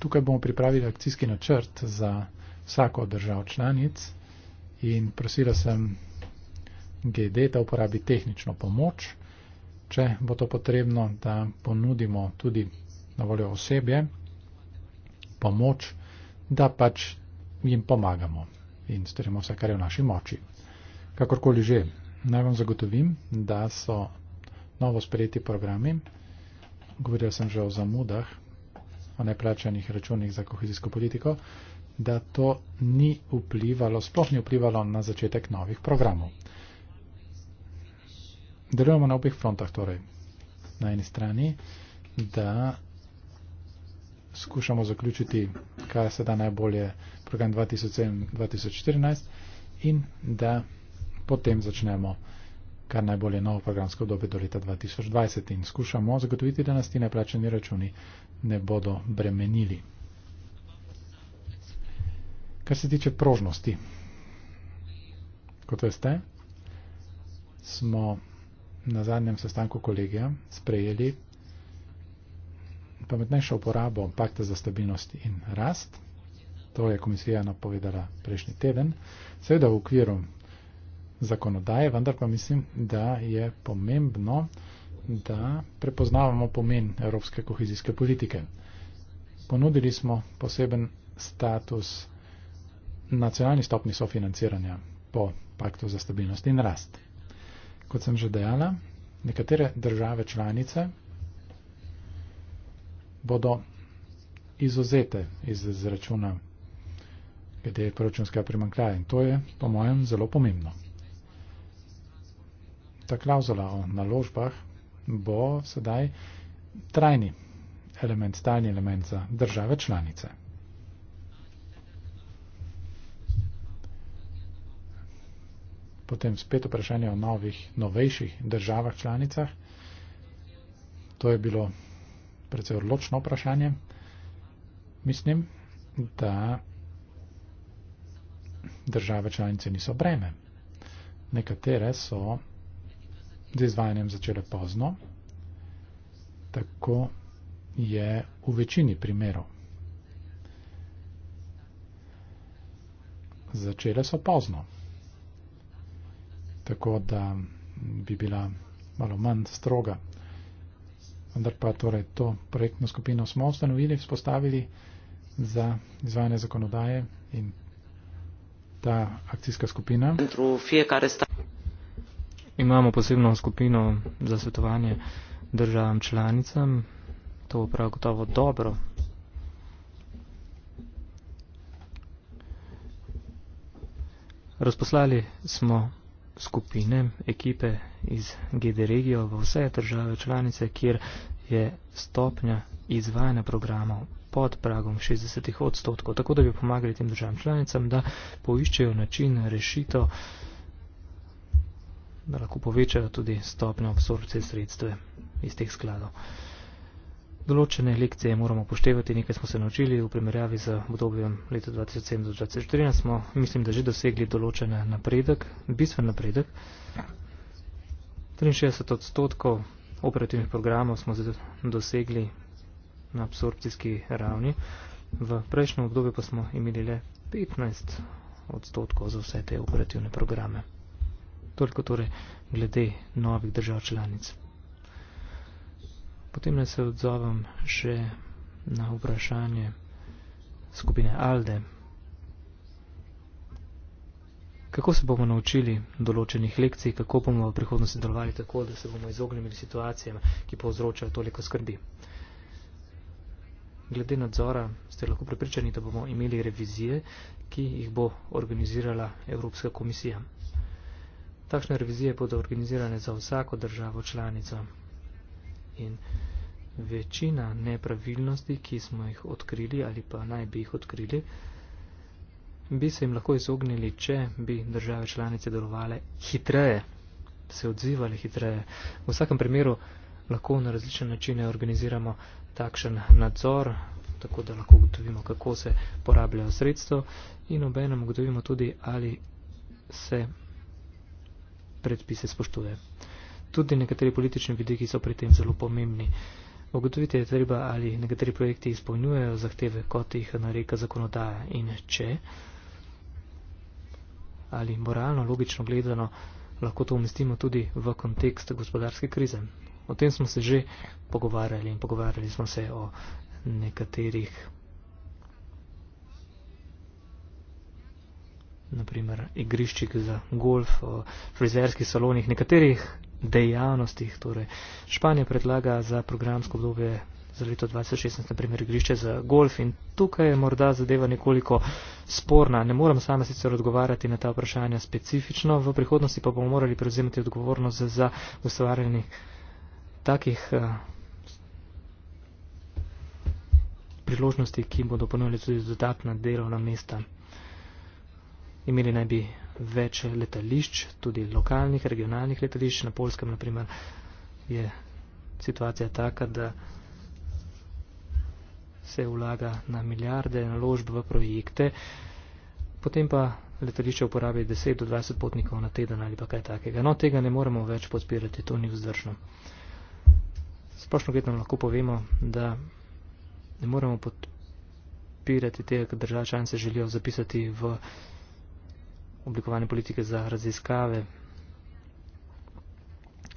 tukaj bomo pripravili akcijski načrt za vsako od držav članic. In prosila sem GD, da uporabi tehnično pomoč, če bo to potrebno, da ponudimo tudi na voljo osebje pomoč, da pač jim pomagamo in storimo vse, kar je v naši moči. Kakorkoli že, naj vam zagotovim, da so novo sprejeti programi govoril sem že o zamudah, o neplačanih računih za kohezijsko politiko, da to ni vplivalo, sploh ni vplivalo na začetek novih programov. Delujemo na obih frontah, torej na eni strani, da skušamo zaključiti, kaj se da najbolje program 2007-2014 in da potem začnemo kar najbolje novo programsko obdobje do leta 2020 in skušamo zagotoviti, da nas ti neplačeni računi ne bodo bremenili. Kar se tiče prožnosti, kot veste, smo na zadnjem sestanku kolegija sprejeli pametnejšo uporabo pakta za stabilnost in rast. To je komisija napovedala prejšnji teden. Seveda v okviru zakonodaje, vendar pa mislim, da je pomembno, da prepoznavamo pomen evropske kohezijske politike. Ponudili smo poseben status nacionalni stopni sofinanciranja po paktu za stabilnost in rast. Kot sem že dejala, nekatere države članice bodo izuzete iz zračuna glede proračunskega primankljaja in to je po mojem zelo pomembno ta klauzula o naložbah bo sedaj trajni element, stalni element za države članice. Potem spet vprašanje o novih, novejših državah članicah. To je bilo predvsej odločno vprašanje. Mislim, da države članice niso breme. Nekatere so z izvajanjem začele pozno, tako je v večini primerov. Začele so pozno, tako da bi bila malo manj stroga. Vendar pa torej to projektno skupino smo ustanovili, vzpostavili za izvajanje zakonodaje in ta akcijska skupina imamo posebno skupino za svetovanje državam članicam. To bo prav gotovo dobro. Razposlali smo skupine, ekipe iz GD Regio v vse države članice, kjer je stopnja izvajanja programov pod pragom 60 odstotkov, tako da bi pomagali tem državam članicam, da poiščejo način rešitev da lahko povečajo tudi stopnjo absorpcije sredstev iz teh skladov. Določene lekcije moramo poštevati, nekaj smo se naučili v primerjavi z obdobjem leta 2007-2014, smo mislim, da že dosegli določen napredek, bistven napredek. 63 odstotkov operativnih programov smo dosegli na absorpcijski ravni, v prejšnjem obdobju pa smo imeli le 15 odstotkov za vse te operativne programe. Toliko torej glede novih držav članic. Potem naj se odzovem še na vprašanje skupine Alde. Kako se bomo naučili določenih lekcij, kako bomo v prihodnosti delovali tako, da se bomo izognili situacijam, ki povzročajo toliko skrbi? Glede nadzora ste lahko pripričani, da bomo imeli revizije, ki jih bo organizirala Evropska komisija. Takšne revizije bodo organizirane za vsako državo članico. In večina nepravilnosti, ki smo jih odkrili ali pa naj bi jih odkrili, bi se jim lahko izognili, če bi države članice delovale hitreje, se odzivali hitreje. V vsakem primeru lahko na različne načine organiziramo takšen nadzor, tako da lahko ugotovimo, kako se porabljajo sredstvo in obenem ugotovimo tudi, ali se predpise spoštuje. Tudi nekateri politični vidiki so pri tem zelo pomembni. Ogotoviti je treba, ali nekateri projekti izpolnjujejo zahteve, kot jih nareka zakonodaja in če, ali moralno, logično gledano, lahko to umestimo tudi v kontekst gospodarske krize. O tem smo se že pogovarjali in pogovarjali smo se o nekaterih naprimer igriščih za golf, frizerskih salonih, nekaterih dejavnostih. Torej, Španija predlaga za programsko obdobje za leto 2016, naprimer, igrišče za golf in tukaj je morda zadeva nekoliko sporna. Ne moram sama sicer odgovarjati na ta vprašanja specifično, v prihodnosti pa bomo morali prevzemati odgovornost za ustvarjanje takih eh, priložnosti, ki bodo ponujali tudi dodatna delovna mesta. Imeli naj bi več letališč, tudi lokalnih, regionalnih letališč. Na Polskem, naprimer, je situacija taka, da se vlaga na milijarde naložb v projekte, potem pa letališče uporabi 10 do 20 potnikov na teden ali pa kaj takega. No, tega ne moremo več podpirati, to ni vzdržno. Splošno gledano lahko povemo, da ne moremo podpirati tega, kar država članice želijo zapisati v oblikovanje politike za raziskave.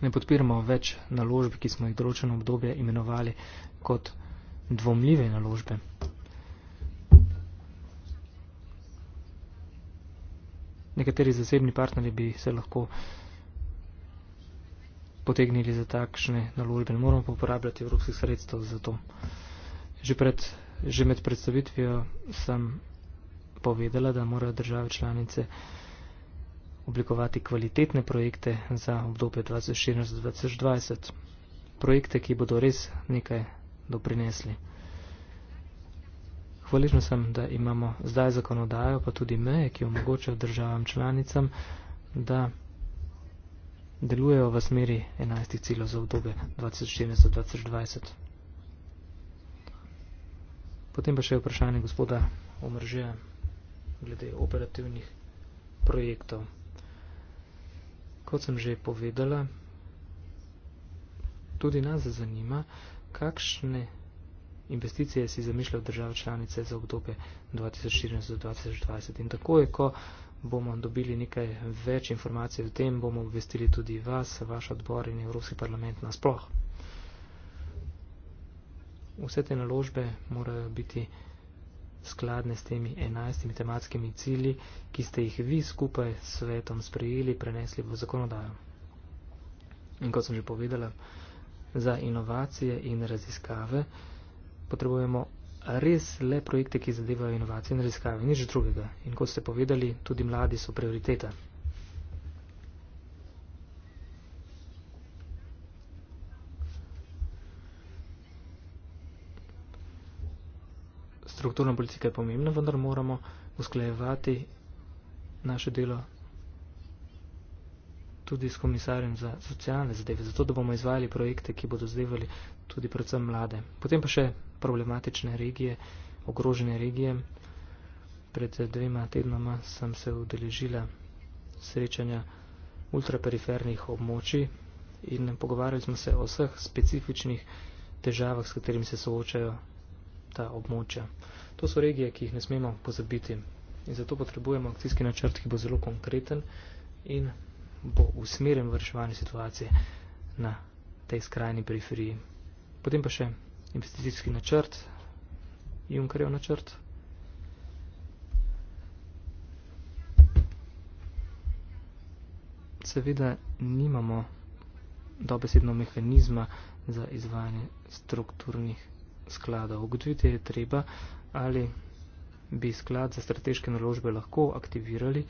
Ne podpiramo več naložb, ki smo jih določeno obdobje imenovali kot dvomljive naložbe. Nekateri zasebni partnerji bi se lahko potegnili za takšne naložbe. Ne moramo pa uporabljati evropskih sredstev za to. Že, pred, že med predstavitvijo sem povedala, da morajo države članice oblikovati kvalitetne projekte za obdobje 2016-2020. Projekte, ki bodo res nekaj doprinesli. Hvaležno sem, da imamo zdaj zakonodajo, pa tudi meje, ki omogočajo državam članicam, da delujejo v smeri 11 ciljev za obdobje 2016-2020. Potem pa še vprašanje gospoda Omržeja glede operativnih projektov. Kot sem že povedala, tudi nas zanima, kakšne investicije si zamišlja država članice za obdobje 2014 do 2020. In tako je, ko bomo dobili nekaj več informacij o tem, bomo obvestili tudi vas, vaš odbor in Evropski parlament nasploh. Vse te naložbe morajo biti skladne s temi enajstimi tematskimi cilji, ki ste jih vi skupaj s svetom sprejeli, prenesli v zakonodajo. In kot sem že povedala, za inovacije in raziskave potrebujemo res le projekte, ki zadevajo inovacije in raziskave, nič drugega. In kot ste povedali, tudi mladi so prioriteta. strukturna politika je pomembna, vendar moramo usklejevati naše delo tudi s komisarjem za socialne zadeve, zato da bomo izvajali projekte, ki bodo zadevali tudi predvsem mlade. Potem pa še problematične regije, ogrožene regije. Pred dvema tednoma sem se udeležila srečanja ultraperifernih območij in pogovarjali smo se o vseh specifičnih težavah, s katerimi se soočajo ta območja. To so regije, ki jih ne smemo pozabiti in zato potrebujemo akcijski načrt, ki bo zelo konkreten in bo usmeren v reševanje situacije na tej skrajni periferiji. Potem pa še investicijski načrt, Junkerjev načrt. Seveda nimamo dobesedno mehanizma za izvajanje strukturnih sklada. Ugotoviti je treba, ali bi sklad za strateške naložbe lahko aktivirali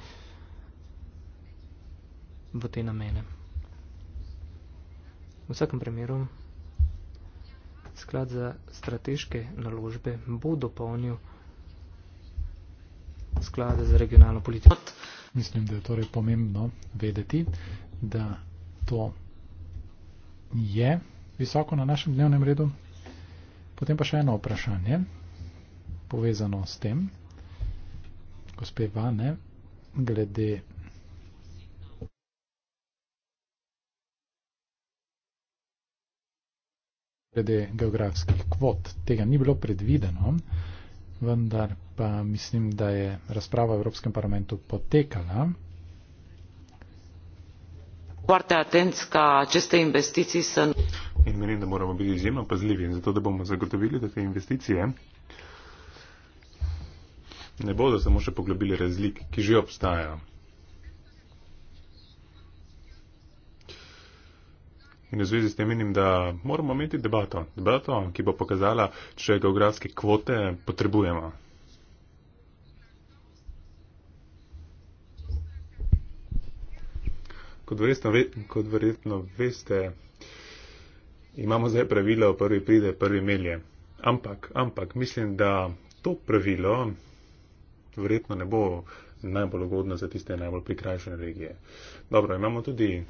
v te namene. V vsakem primeru sklad za strateške naložbe bo dopolnil sklade za regionalno politiko. Mislim, da je torej pomembno vedeti, da to je visoko na našem dnevnem redu. Potem pa še eno vprašanje, povezano s tem, gospe Vane, glede. glede geografskih kvot. Tega ni bilo predvideno, vendar pa mislim, da je razprava v Evropskem parlamentu potekala. Foarte atenți ca aceste investiții să nu in menim, da moramo biti izjemno pazljivi in zato, da bomo zagotovili, da te investicije ne bodo samo še poglobili razlik, ki že obstajajo. In v zvezi s tem menim, da moramo imeti debato, debato, ki bo pokazala, če geografske kvote potrebujemo. Kot verjetno, ve, kot verjetno veste, imamo zdaj pravilo, prvi pride, prvi melje. Ampak, ampak mislim, da to pravilo verjetno ne bo najbolj ugodno za tiste najbolj prikrajšene regije. Dobro, imamo tudi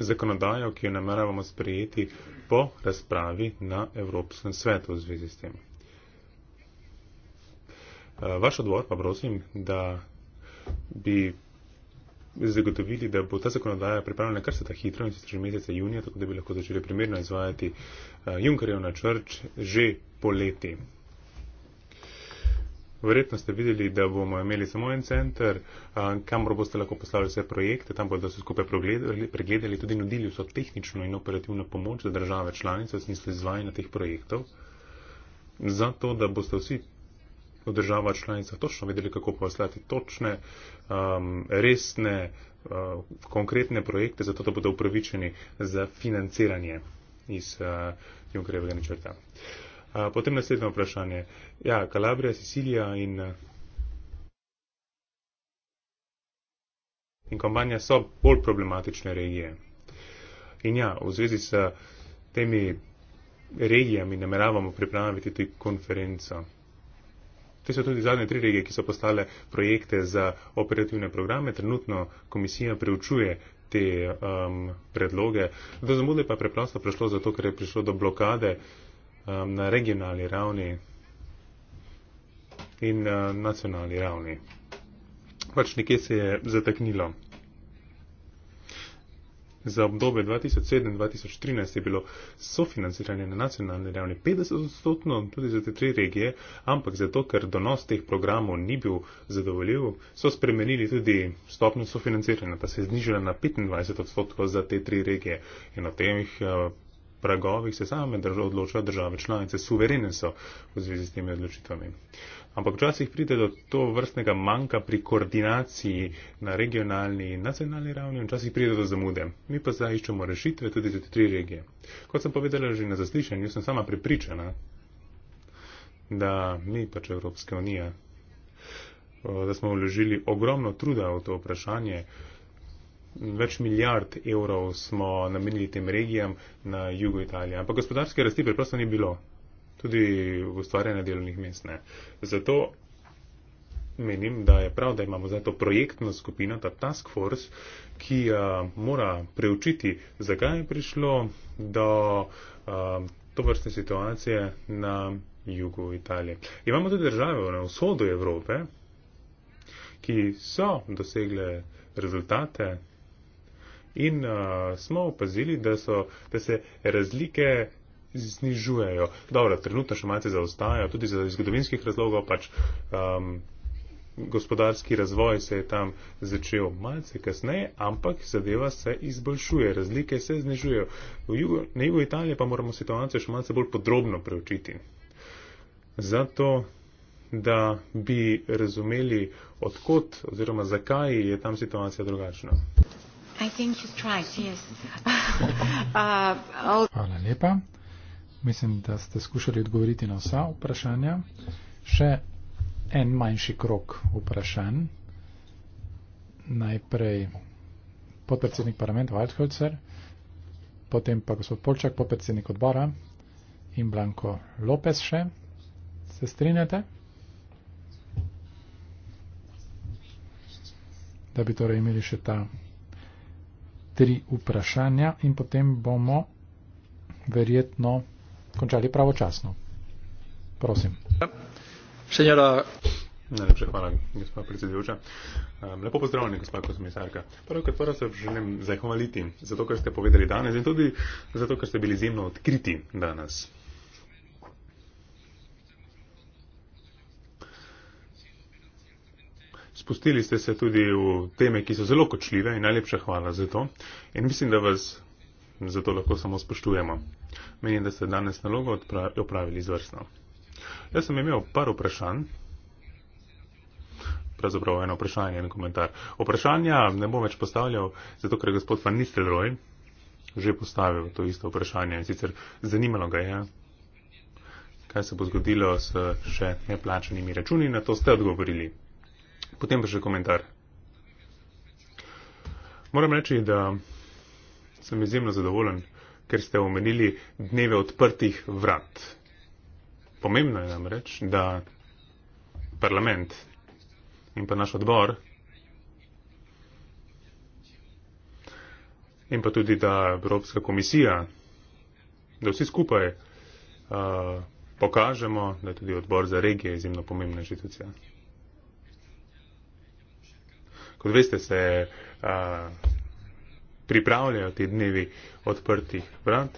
zakonodajo, ki jo nameravamo sprejeti po razpravi na Evropskem svetu v zvezi s tem. Eh, vaš odbor pa prosim, da bi zagotovili, da bo ta zakonodaja pripravljena kar se ta hitro in sicer že meseca junija, tako da bi lahko začeli primerno izvajati eh, Junkerjev načrt že poleti. Verjetno ste videli, da bomo imeli samo en center, eh, kamor boste lahko poslali vse projekte, tam bodo se skupaj pregledali, pregledali tudi nudili vso tehnično in operativno pomoč za države članice v smislu izvajanja teh projektov. Zato, da boste vsi v državah članicah točno vedeli, kako poslati točne, um, resne, uh, konkretne projekte, zato da bodo upravičeni za financiranje iz uh, Junkerjevega načrta. Uh, potem naslednje vprašanje. Ja, Kalabrija, Sicilija in. Uh, in kompanija so bolj problematične regije. In ja, v zvezi s temi regijami nameravamo pripraviti tudi konferenco. Te so tudi zadnje tri regije, ki so postale projekte za operativne programe. Trenutno komisija preučuje te um, predloge. Do zamude pa je preprosto prišlo zato, ker je prišlo do blokade um, na regionalni ravni in uh, nacionalni ravni. Pač nekje se je zataknilo. Za obdobje 2007-2013 je bilo sofinanciranje na nacionalni ravni 50 odstotno tudi za te tri regije, ampak zato, ker donos teh programov ni bil zadovoljiv, so spremenili tudi stopnjo sofinanciranja, ta se je znižila na 25 odstotkov za te tri regije. In o temih eh, pragovih se same drž odločajo države članice, suverene so v zvezi s temi odločitvami ampak včasih pride do to vrstnega manjka pri koordinaciji na regionalni in nacionalni ravni, včasih pride do zamude. Mi pa zdaj iščemo rešitve tudi za te tri regije. Kot sem povedala že na zaslišanju, sem sama prepričana, da mi pač Evropske unije, da smo vložili ogromno truda v to vprašanje. Več milijard evrov smo namenili tem regijam na jugu Italije, ampak gospodarske rasti preprosto ni bilo tudi v ustvarjanje delovnih mest. Ne. Zato menim, da je prav, da imamo zdaj to projektno skupino, ta task force, ki uh, mora preučiti, zakaj je prišlo do uh, to vrste situacije na jugu Italije. Imamo tudi države na vzhodu Evrope, ki so dosegle rezultate. In uh, smo opazili, da, so, da se razlike znižujejo. Dobro, trenutno še malce zaostajajo, tudi za zgodovinskih razlogov pač. Um, Gospodarski razvoj se je tam začel malce kasneje, ampak zadeva se izboljšuje, razlike se znižujejo. Na jugu Italije pa moramo situacijo še malce bolj podrobno preučiti. Zato, da bi razumeli, odkot oziroma zakaj je tam situacija drugačna. Tried, yes. [laughs] uh, Hvala lepa mislim, da ste skušali odgovoriti na vsa vprašanja. Še en manjši krok vprašanj. Najprej podpredsednik parlamenta Waldholzer, potem pa gospod Polčak, podpredsednik odbora in Blanko Lopez še. Se strinjate? Da bi torej imeli še ta tri vprašanja in potem bomo verjetno končali pravočasno. Prosim. Senjora. Najlepša hvala, gospod predsedujoča. Lepo pozdravljeni, gospod komisarka. Prvo, kot prvo se želim zahvaliti za to, kar ste povedali danes in tudi za to, kar ste bili izjemno odkriti danes. Spustili ste se tudi v teme, ki so zelo kočljive in najlepša hvala za to. In mislim, da vas zato lahko samo spoštujemo. Menim, da ste danes nalogo opravili izvrstno. Jaz sem imel par vprašanj. Pravzaprav eno vprašanje, en komentar. Vprašanja ne bom več postavljal, zato ker gospod Van Nistelrooy že postavil to isto vprašanje in sicer zanimalo ga je, kaj se bo zgodilo s še neplačenimi računi, na to ste odgovorili. Potem pa še komentar. Moram reči, da sem izjemno zadovoljen ker ste omenili dneve odprtih vrat. Pomembno je namreč, da parlament in pa naš odbor in pa tudi, da Evropska komisija, da vsi skupaj uh, pokažemo, da je tudi odbor za regije izjemno pomembna institucija. Kot veste, se je uh, pripravljajo ti dnevi odprtih vrat.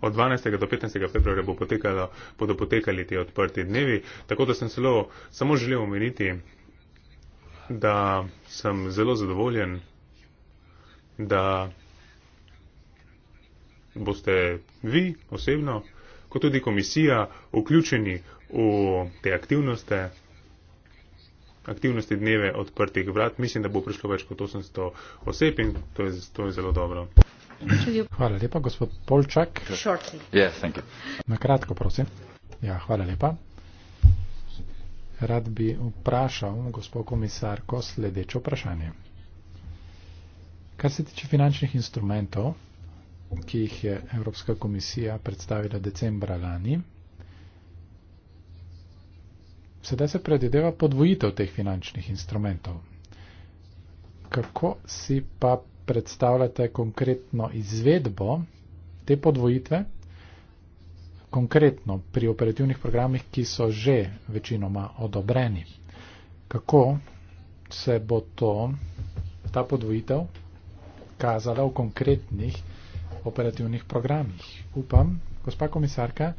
Od 12. do 15. februarja bo bodo potekali ti odprti dnevi, tako da sem zelo, samo želel omeniti, da sem zelo zadovoljen, da boste vi osebno, kot tudi komisija, vključeni v te aktivnosti aktivnosti dneve odprtih vrat. Mislim, da bo prišlo več kot 800 oseb in to je, to je zelo dobro. Hvala lepa, gospod Polčak. Yes, Na kratko, prosim. Ja, hvala lepa. Rad bi vprašal gospod komisarko sledeče vprašanje. Kar se tiče finančnih instrumentov, ki jih je Evropska komisija predstavila decembra lani, Sedaj se predvideva podvojitev teh finančnih instrumentov. Kako si pa predstavljate konkretno izvedbo te podvojitve, konkretno pri operativnih programih, ki so že večinoma odobreni? Kako se bo to, ta podvojitev kazala v konkretnih operativnih programih? Upam, gospa komisarka,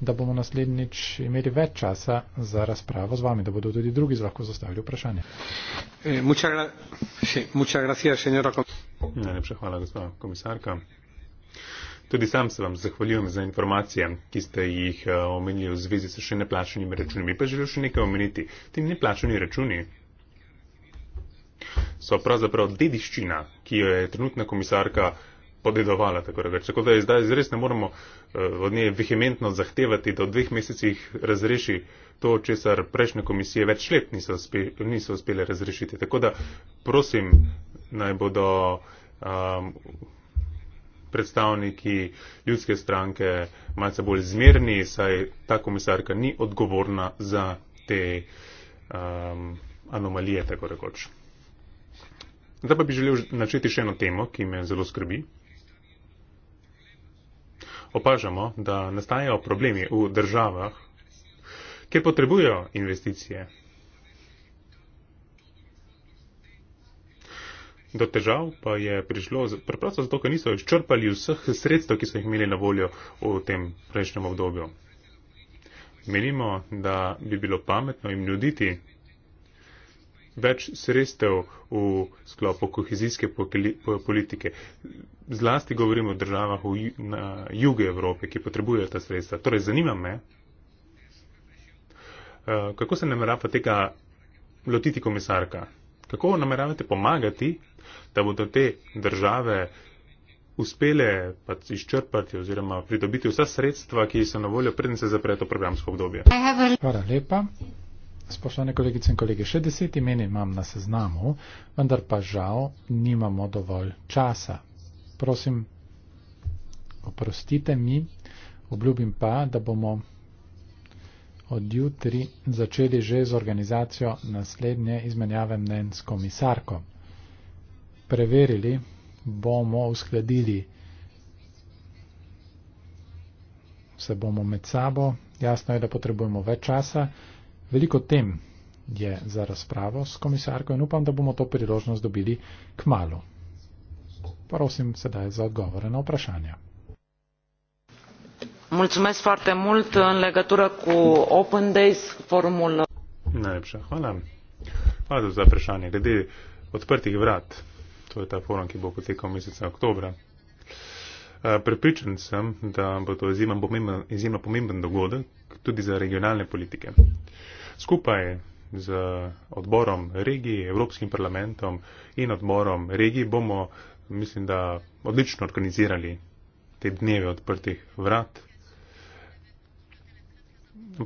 da bomo naslednjič imeli več časa za razpravo z vami, da bodo tudi drugi lahko zastavili vprašanje. Eh, Najlepša hvala, gospod komisarka. Tudi sam se vam zahvaljujem za informacije, ki ste jih eh, omenili v zvezi s še neplačenimi računi. Bi pa želel še nekaj omeniti. Ti neplačeni računi so pravzaprav dediščina, ki jo je trenutna komisarka podedovala. Tako, tako da zdaj zres ne moremo eh, od nje vehementno zahtevati, da v dveh mesecih razreši to, česar prejšnje komisije več let niso, uspe, niso uspele razrešiti. Tako da prosim, naj bodo um, predstavniki ljudske stranke malce bolj zmerni, saj ta komisarka ni odgovorna za te um, anomalije, tako rekoč. Zdaj pa bi želel načeti še eno temo, ki me zelo skrbi opažamo, da nastajajo problemi v državah, kjer potrebujo investicije. Do težav pa je prišlo preprosto zato, ker niso izčrpali vseh sredstev, ki so jih imeli na voljo v tem prejšnjem obdobju. Menimo, da bi bilo pametno jim nuditi več sredstev v sklopu kohezijske politike. Zlasti govorimo o državah ju, na jugu Evrope, ki potrebujejo ta sredstva. Torej, zanima me, eh, kako se namerava tega lotiti komisarka? Kako nameravate pomagati, da bodo te države uspele pač izčrpati oziroma pridobiti vsa sredstva, ki so na voljo, preden se zapre to programsko obdobje? Hvala lepa. Spoštovane kolegice in kolege, še deset imen imam na seznamu, vendar pa žal nimamo dovolj časa. Prosim, oprostite mi, obljubim pa, da bomo od jutri začeli že z organizacijo naslednje izmenjave mnen s komisarko. Preverili bomo, uskladili se bomo med sabo. Jasno je, da potrebujemo več časa. Veliko tem je za razpravo s komisarko in upam, da bomo to priložnost dobili k malu. Prosim sedaj za odgovore na vprašanja. Mulțumesc foarte mult în legătură cu Open Days, formul... Najlepša, hvala. Hvala za vprašanje. Glede odprtih vrat, to je ta forum, ki bo potekal meseca oktobra, Eh, prepričan sem, da bo to pomemben, izjemno pomemben dogodek tudi za regionalne politike. Skupaj z odborom regije, Evropskim parlamentom in odborom regij bomo, mislim, da odlično organizirali te dneve odprtih vrat.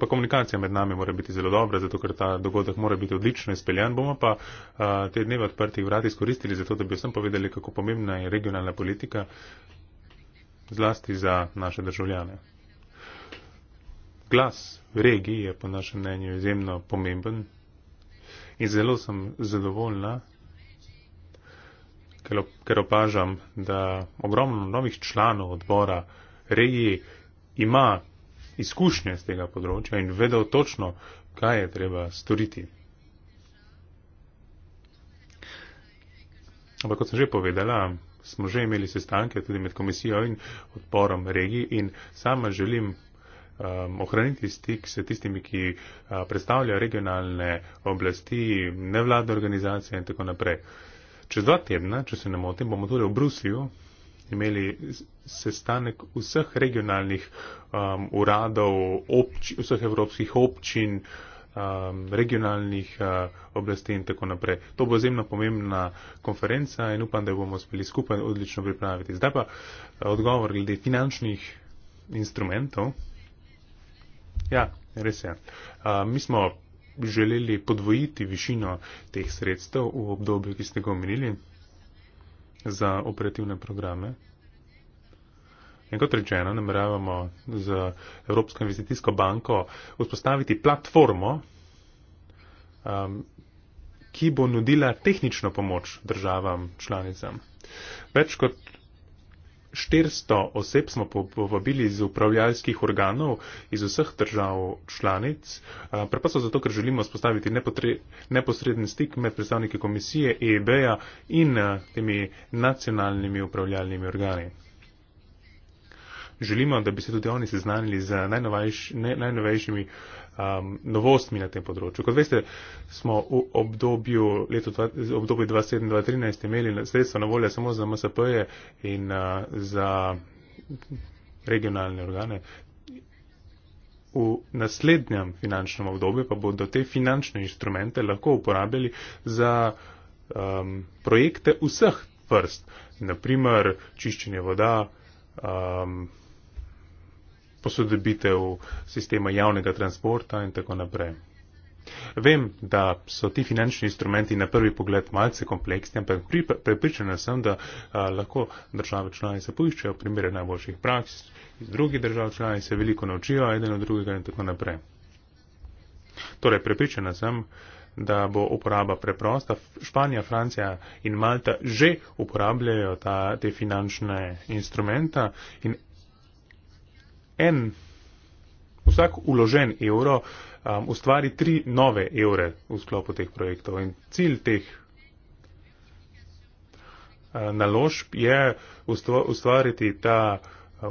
Pa komunikacija med nami mora biti zelo dobra, zato ker ta dogodek mora biti odlično izpeljan. Bomo pa a, eh, te dneve odprtih vrat izkoristili, zato da bi vsem povedali, kako pomembna je regionalna politika zlasti za naše državljane. Glas v regiji je po našem mnenju izjemno pomemben in zelo sem zadovoljna, ker opažam, da ogromno novih članov odbora regiji ima izkušnje z tega področja in vedo točno, kaj je treba storiti. Ampak kot sem že povedala, smo že imeli sestanke tudi med komisijo in odporom regij in sama želim um, ohraniti stik s tistimi, ki uh, predstavljajo regionalne oblasti, nevladne organizacije in tako naprej. Čez dva tedna, če se ne motim, bomo tudi v Bruslju imeli sestanek vseh regionalnih um, uradov, obč, vseh evropskih občin, uh, um, regionalnih uh, oblasti in tako naprej. To bo izjemno pomembna konferenca in upam, da bomo uspeli skupaj odlično pripraviti. Zdaj pa uh, odgovor glede finančnih instrumentov. Ja, res je. Uh, mi smo želeli podvojiti višino teh sredstev v obdobju, ki ste ga omenili, za operativne programe. In kot rečeno, nameravamo z Evropsko investicijsko banko vzpostaviti platformo, um, ki bo nudila tehnično pomoč državam članicam. Več kot 400 oseb smo povabili iz upravljalskih organov iz vseh držav članic, preprosto zato, ker želimo spostaviti neposreden stik med predstavniki komisije EEB-ja in temi nacionalnimi upravljalnimi organi želimo, da bi se tudi oni seznanili z najnovejš, ne, najnovejšimi um, novostmi na tem področju. Kot veste, smo v obdobju, obdobju 2007-2013 imeli sredstva na voljo samo za MSP-je in uh, za regionalne organe. V naslednjem finančnem obdobju pa bodo te finančne instrumente lahko uporabljali za um, projekte vseh vrst, naprimer čiščenje voda, um, posodobitev sistema javnega transporta in tako naprej. Vem, da so ti finančni instrumenti na prvi pogled malce kompleksni, ampak prepričana sem, da a, lahko države članice poiščejo primere najboljših praks, iz drugih držav članice veliko naučijo, eden od drugega in tako naprej. Torej, prepričana sem, da bo uporaba preprosta. Španija, Francija in Malta že uporabljajo ta, te finančne instrumenta in en, vsak uložen evro um, ustvari tri nove evre v sklopu teh projektov. In cilj teh uh, naložb je ustvariti ta uh,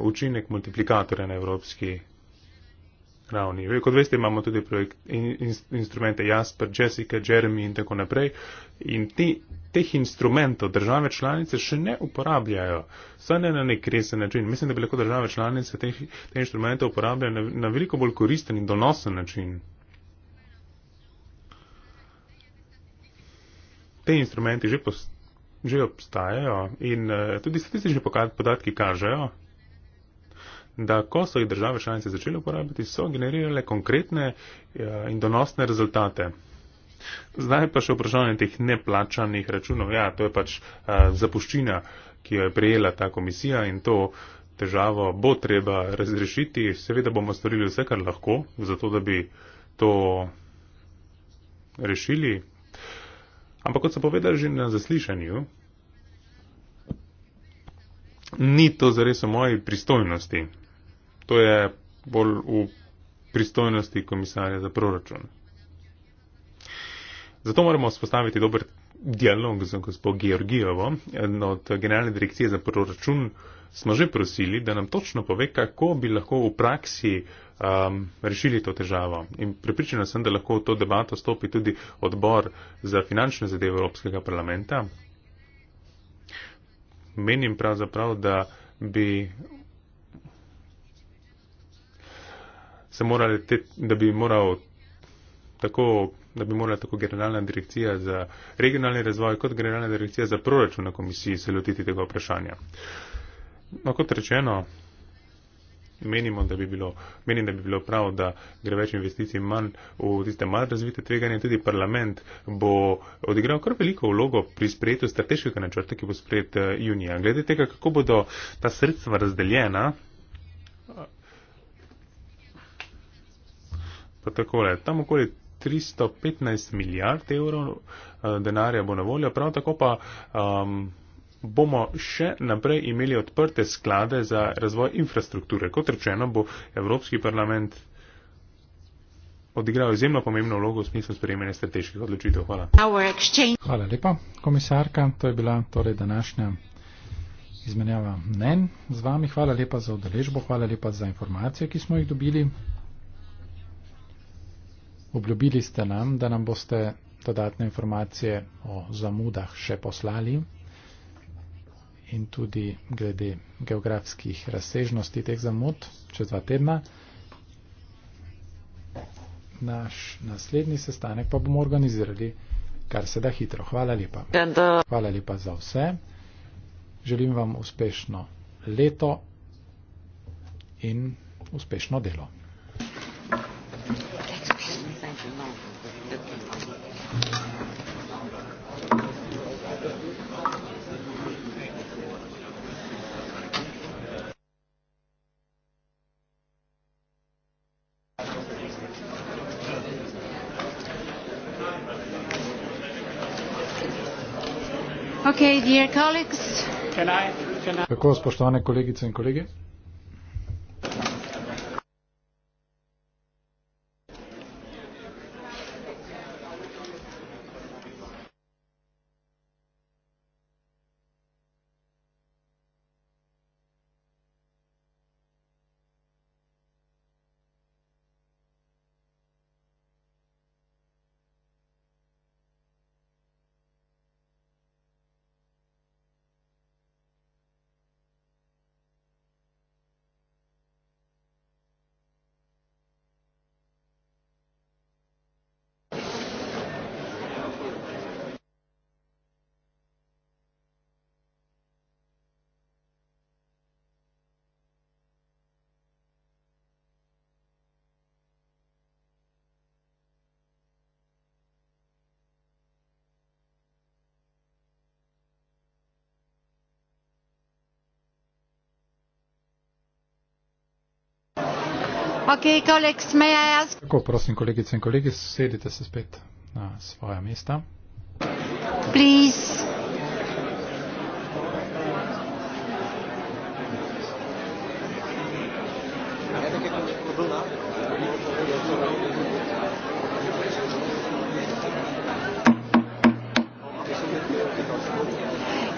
učinek multiplikatorja na evropski ravni. Ve, kot veste, imamo tudi projekt, in, in, instrumente Jasper, Jessica, Jeremy in tako naprej. In ti, teh instrumentov države članice še ne uporabljajo, saj ne na nek resen način. Mislim, da bi lahko države članice teh, te instrumente uporabljale na, na veliko bolj koristen in donosen način. Te instrumenti že, post, že obstajajo in uh, tudi statistični podatki kažejo, da ko so jih države članice začele uporabljati, so generirale konkretne ja, in donosne rezultate. Zdaj pa še vprašanje teh neplačanih računov. Ja, to je pač zapuščina, ki jo je prijela ta komisija in to težavo bo treba razrešiti. Seveda bomo storili vse, kar lahko, zato da bi to rešili. Ampak kot so povedali že na zaslišanju, ni to zares v moji pristojnosti to je bolj v pristojnosti komisarja za proračun. Zato moramo spostaviti dober dialog z gospod Georgijevo. Od Generalne direkcije za proračun smo že prosili, da nam točno pove, kako bi lahko v praksi um, rešili to težavo. In pripričana sem, da lahko v to debato stopi tudi odbor za finančne zadeve Evropskega parlamenta. Menim pravzaprav, da bi se morali te, da bi moral tako da bi morala tako generalna direkcija za regionalni razvoj kot generalna direkcija za proračun na komisiji se lotiti tega vprašanja. No, kot rečeno, menimo, da bi bilo, menim, da bi bilo prav, da gre več investicij manj v tiste manj razvite tveganje. Tudi parlament bo odigral kar veliko vlogo pri sprejetju strateškega načrta, ki bo sprejet eh, junija. Glede tega, kako bodo ta sredstva razdeljena, Pa takole, tam okoli 315 milijard evrov eh, denarja bo na voljo, prav tako pa um, bomo še naprej imeli odprte sklade za razvoj infrastrukture. Kot rečeno, bo Evropski parlament odigral izjemno pomembno vlogo v smislu sprejemanja strateških odločitev. Hvala. Hvala lepa, komisarka. To je bila torej današnja izmenjava mnen z vami. Hvala lepa za odeležbo, hvala lepa za informacije, ki smo jih dobili. Obljubili ste nam, da nam boste dodatne informacije o zamudah še poslali in tudi glede geografskih razsežnosti teh zamud čez dva tedna. Naš naslednji sestanek pa bomo organizirali kar se da hitro. Hvala lepa. Uh, Hvala lepa za vse. Želim vam uspešno leto in uspešno delo. Dear colleagues, can I, can I... Tako, spoštovane kolegice in kolegi. Okay, colleagues, may I ask? Tako, prosim, kolegice in kolegi, sedite se spet na svoja mesta. Please.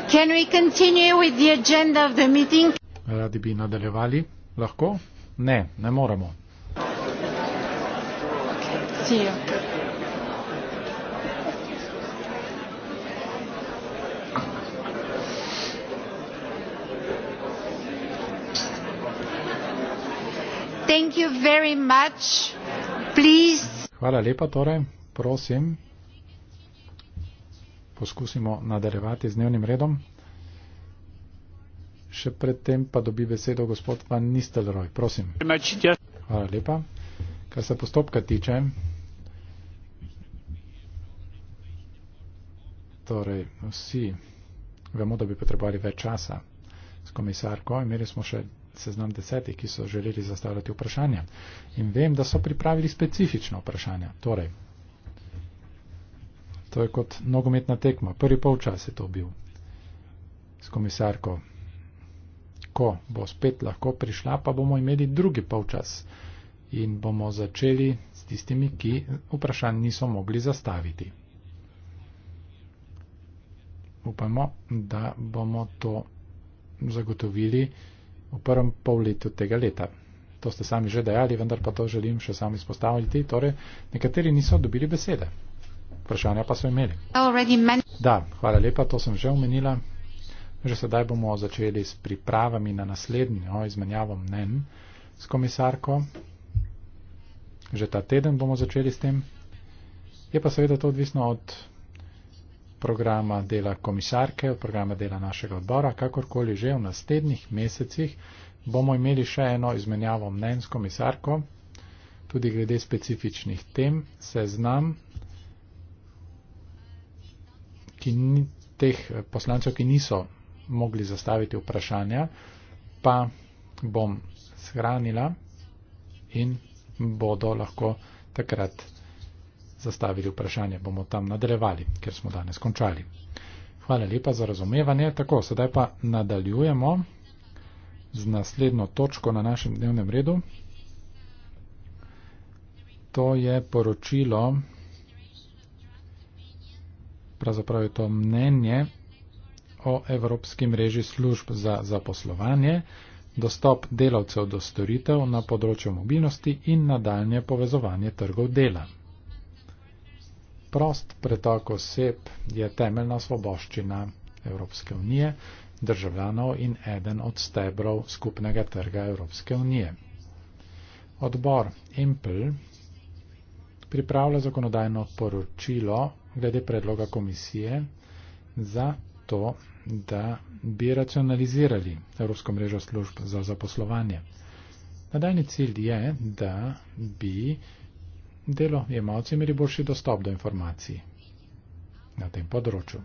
Can we continue with the agenda of the meeting? Radi bi nadaljevali? Lahko? Ne, ne moramo demokracijo. Hvala lepa torej, prosim, poskusimo nadaljevati z dnevnim redom. Še predtem pa dobi besedo gospod Van Nistelrooy, prosim. Hvala lepa. Kar se postopka tiče, torej vsi vemo, da bi potrebovali več časa s komisarko. Imeli smo še seznam desetih, ki so želeli zastavljati vprašanja. In vem, da so pripravili specifično vprašanje. Torej, to je kot nogometna tekma. Prvi polčas je to bil s komisarko. Ko bo spet lahko prišla, pa bomo imeli drugi polčas in bomo začeli s tistimi, ki vprašanj niso mogli zastaviti upamo, da bomo to zagotovili v prvem polletju tega leta. To ste sami že dejali, vendar pa to želim še sami izpostaviti. Torej, nekateri niso dobili besede. Vprašanja pa so imeli. Da, hvala lepa, to sem že omenila. Že sedaj bomo začeli s pripravami na naslednjo izmenjavo mnen s komisarko. Že ta teden bomo začeli s tem. Je pa seveda to odvisno od programa dela komisarke, od programa dela našega odbora, kakorkoli že v naslednjih mesecih bomo imeli še eno izmenjavo mnen s komisarko, tudi glede specifičnih tem, seznam, ki ni, teh eh, poslancev, ki niso mogli zastaviti vprašanja, pa bom shranila in bodo lahko takrat zastavili vprašanje, bomo tam nadaljevali, ker smo danes končali. Hvala lepa za razumevanje. Tako, sedaj pa nadaljujemo z naslednjo točko na našem dnevnem redu. To je poročilo, pravzaprav je to mnenje o Evropski mreži služb za zaposlovanje, dostop delavcev do storitev na področju mobilnosti in nadaljne povezovanje trgov dela prost pretok oseb je temeljna svoboščina Evropske unije, državljanov in eden od stebrov skupnega trga Evropske unije. Odbor Impel pripravlja zakonodajno poročilo glede predloga komisije za to, da bi racionalizirali Evropsko mrežo služb za zaposlovanje. Nadaljni cilj je, da bi delo je malce imeli boljši dostop do informacij na tem področju.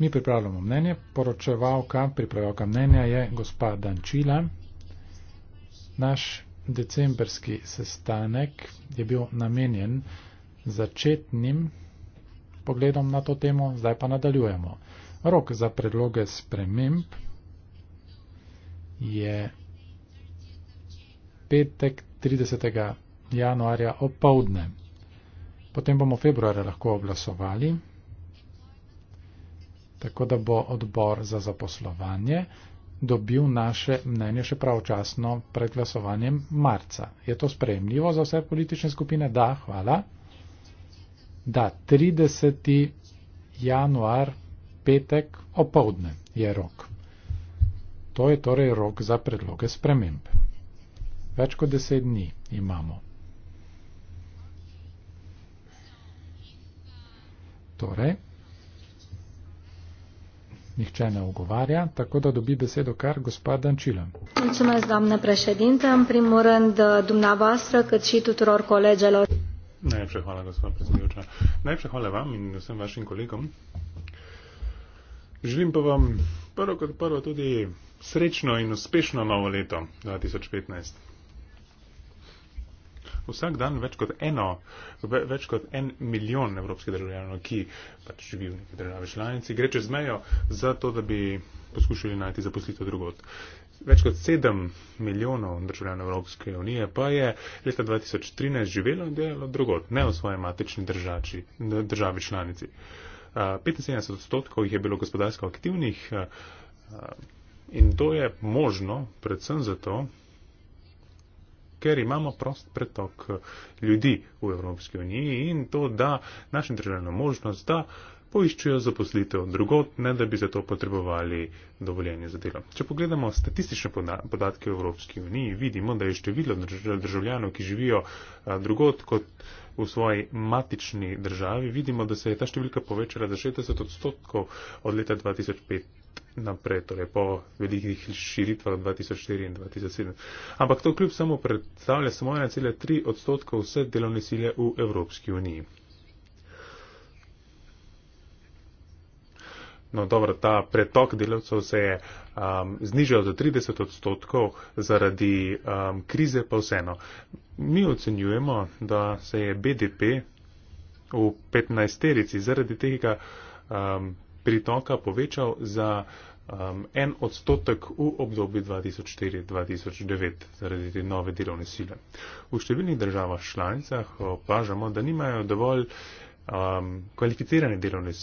Mi pripravljamo mnenje, poročevalka, pripravljalka mnenja je gospa Dančila. Naš decembrski sestanek je bil namenjen začetnim pogledom na to temo, zdaj pa nadaljujemo. Rok za predloge sprememb je petek 30 januarja opovdne. Potem bomo februarja lahko oglasovali, tako da bo odbor za zaposlovanje dobil naše mnenje še pravočasno pred glasovanjem marca. Je to sprejemljivo za vse politične skupine? Da, hvala. Da, 30. januar, petek, opovdne je rok. To je torej rok za predloge sprememb. Več kot deset dni imamo. Torej, nihče ne ogovarja, tako da dobi besedo kar gospod Dančila. Najlepša hvala, gospod predsedujoča. Najlepša hvala vam in vsem vašim kolegom. Želim pa vam prvo kot prvo tudi srečno in uspešno novo leto 2015 vsak dan več kot eno, več kot en milijon evropskih državljanov, ki pač živi v neki državi članici, gre čez mejo za to, da bi poskušali najti zaposlitev drugot. Več kot sedem milijonov državljanov Evropske unije pa je leta 2013 živelo in delalo drugot, ne v svoji matični držači, državi članici. 75 odstotkov jih je bilo gospodarsko aktivnih in to je možno predvsem zato, ker imamo prost pretok eh, ljudi v Evropski uniji in to da našim državljanom možnost, da poiščujo zaposlitev drugot, ne da bi za to potrebovali dovoljenje za delo. Če pogledamo statistične podatke v Evropski uniji, vidimo, da je število državljanov, ki živijo eh, drugot kot v svoji matični državi, vidimo, da se je ta številka povečala za 60 odstotkov od leta 2005 naprej, torej po velikih širitvah 2004 in 2007. Ampak to kljub samo predstavlja samo 1,3 odstotka vse delovne sile v Evropski uniji. No dobro, ta pretok delavcev se je um, znižal za 30 odstotkov zaradi um, krize, pa vseeno. Mi ocenjujemo, da se je BDP v 15-terici zaradi tega um, pritoka povečal za um, en odstotek v obdobju 2004-2009 zaradi te nove delovne sile. V številnih državah članicah opažamo, da nimajo dovolj um, kvalificirane delovne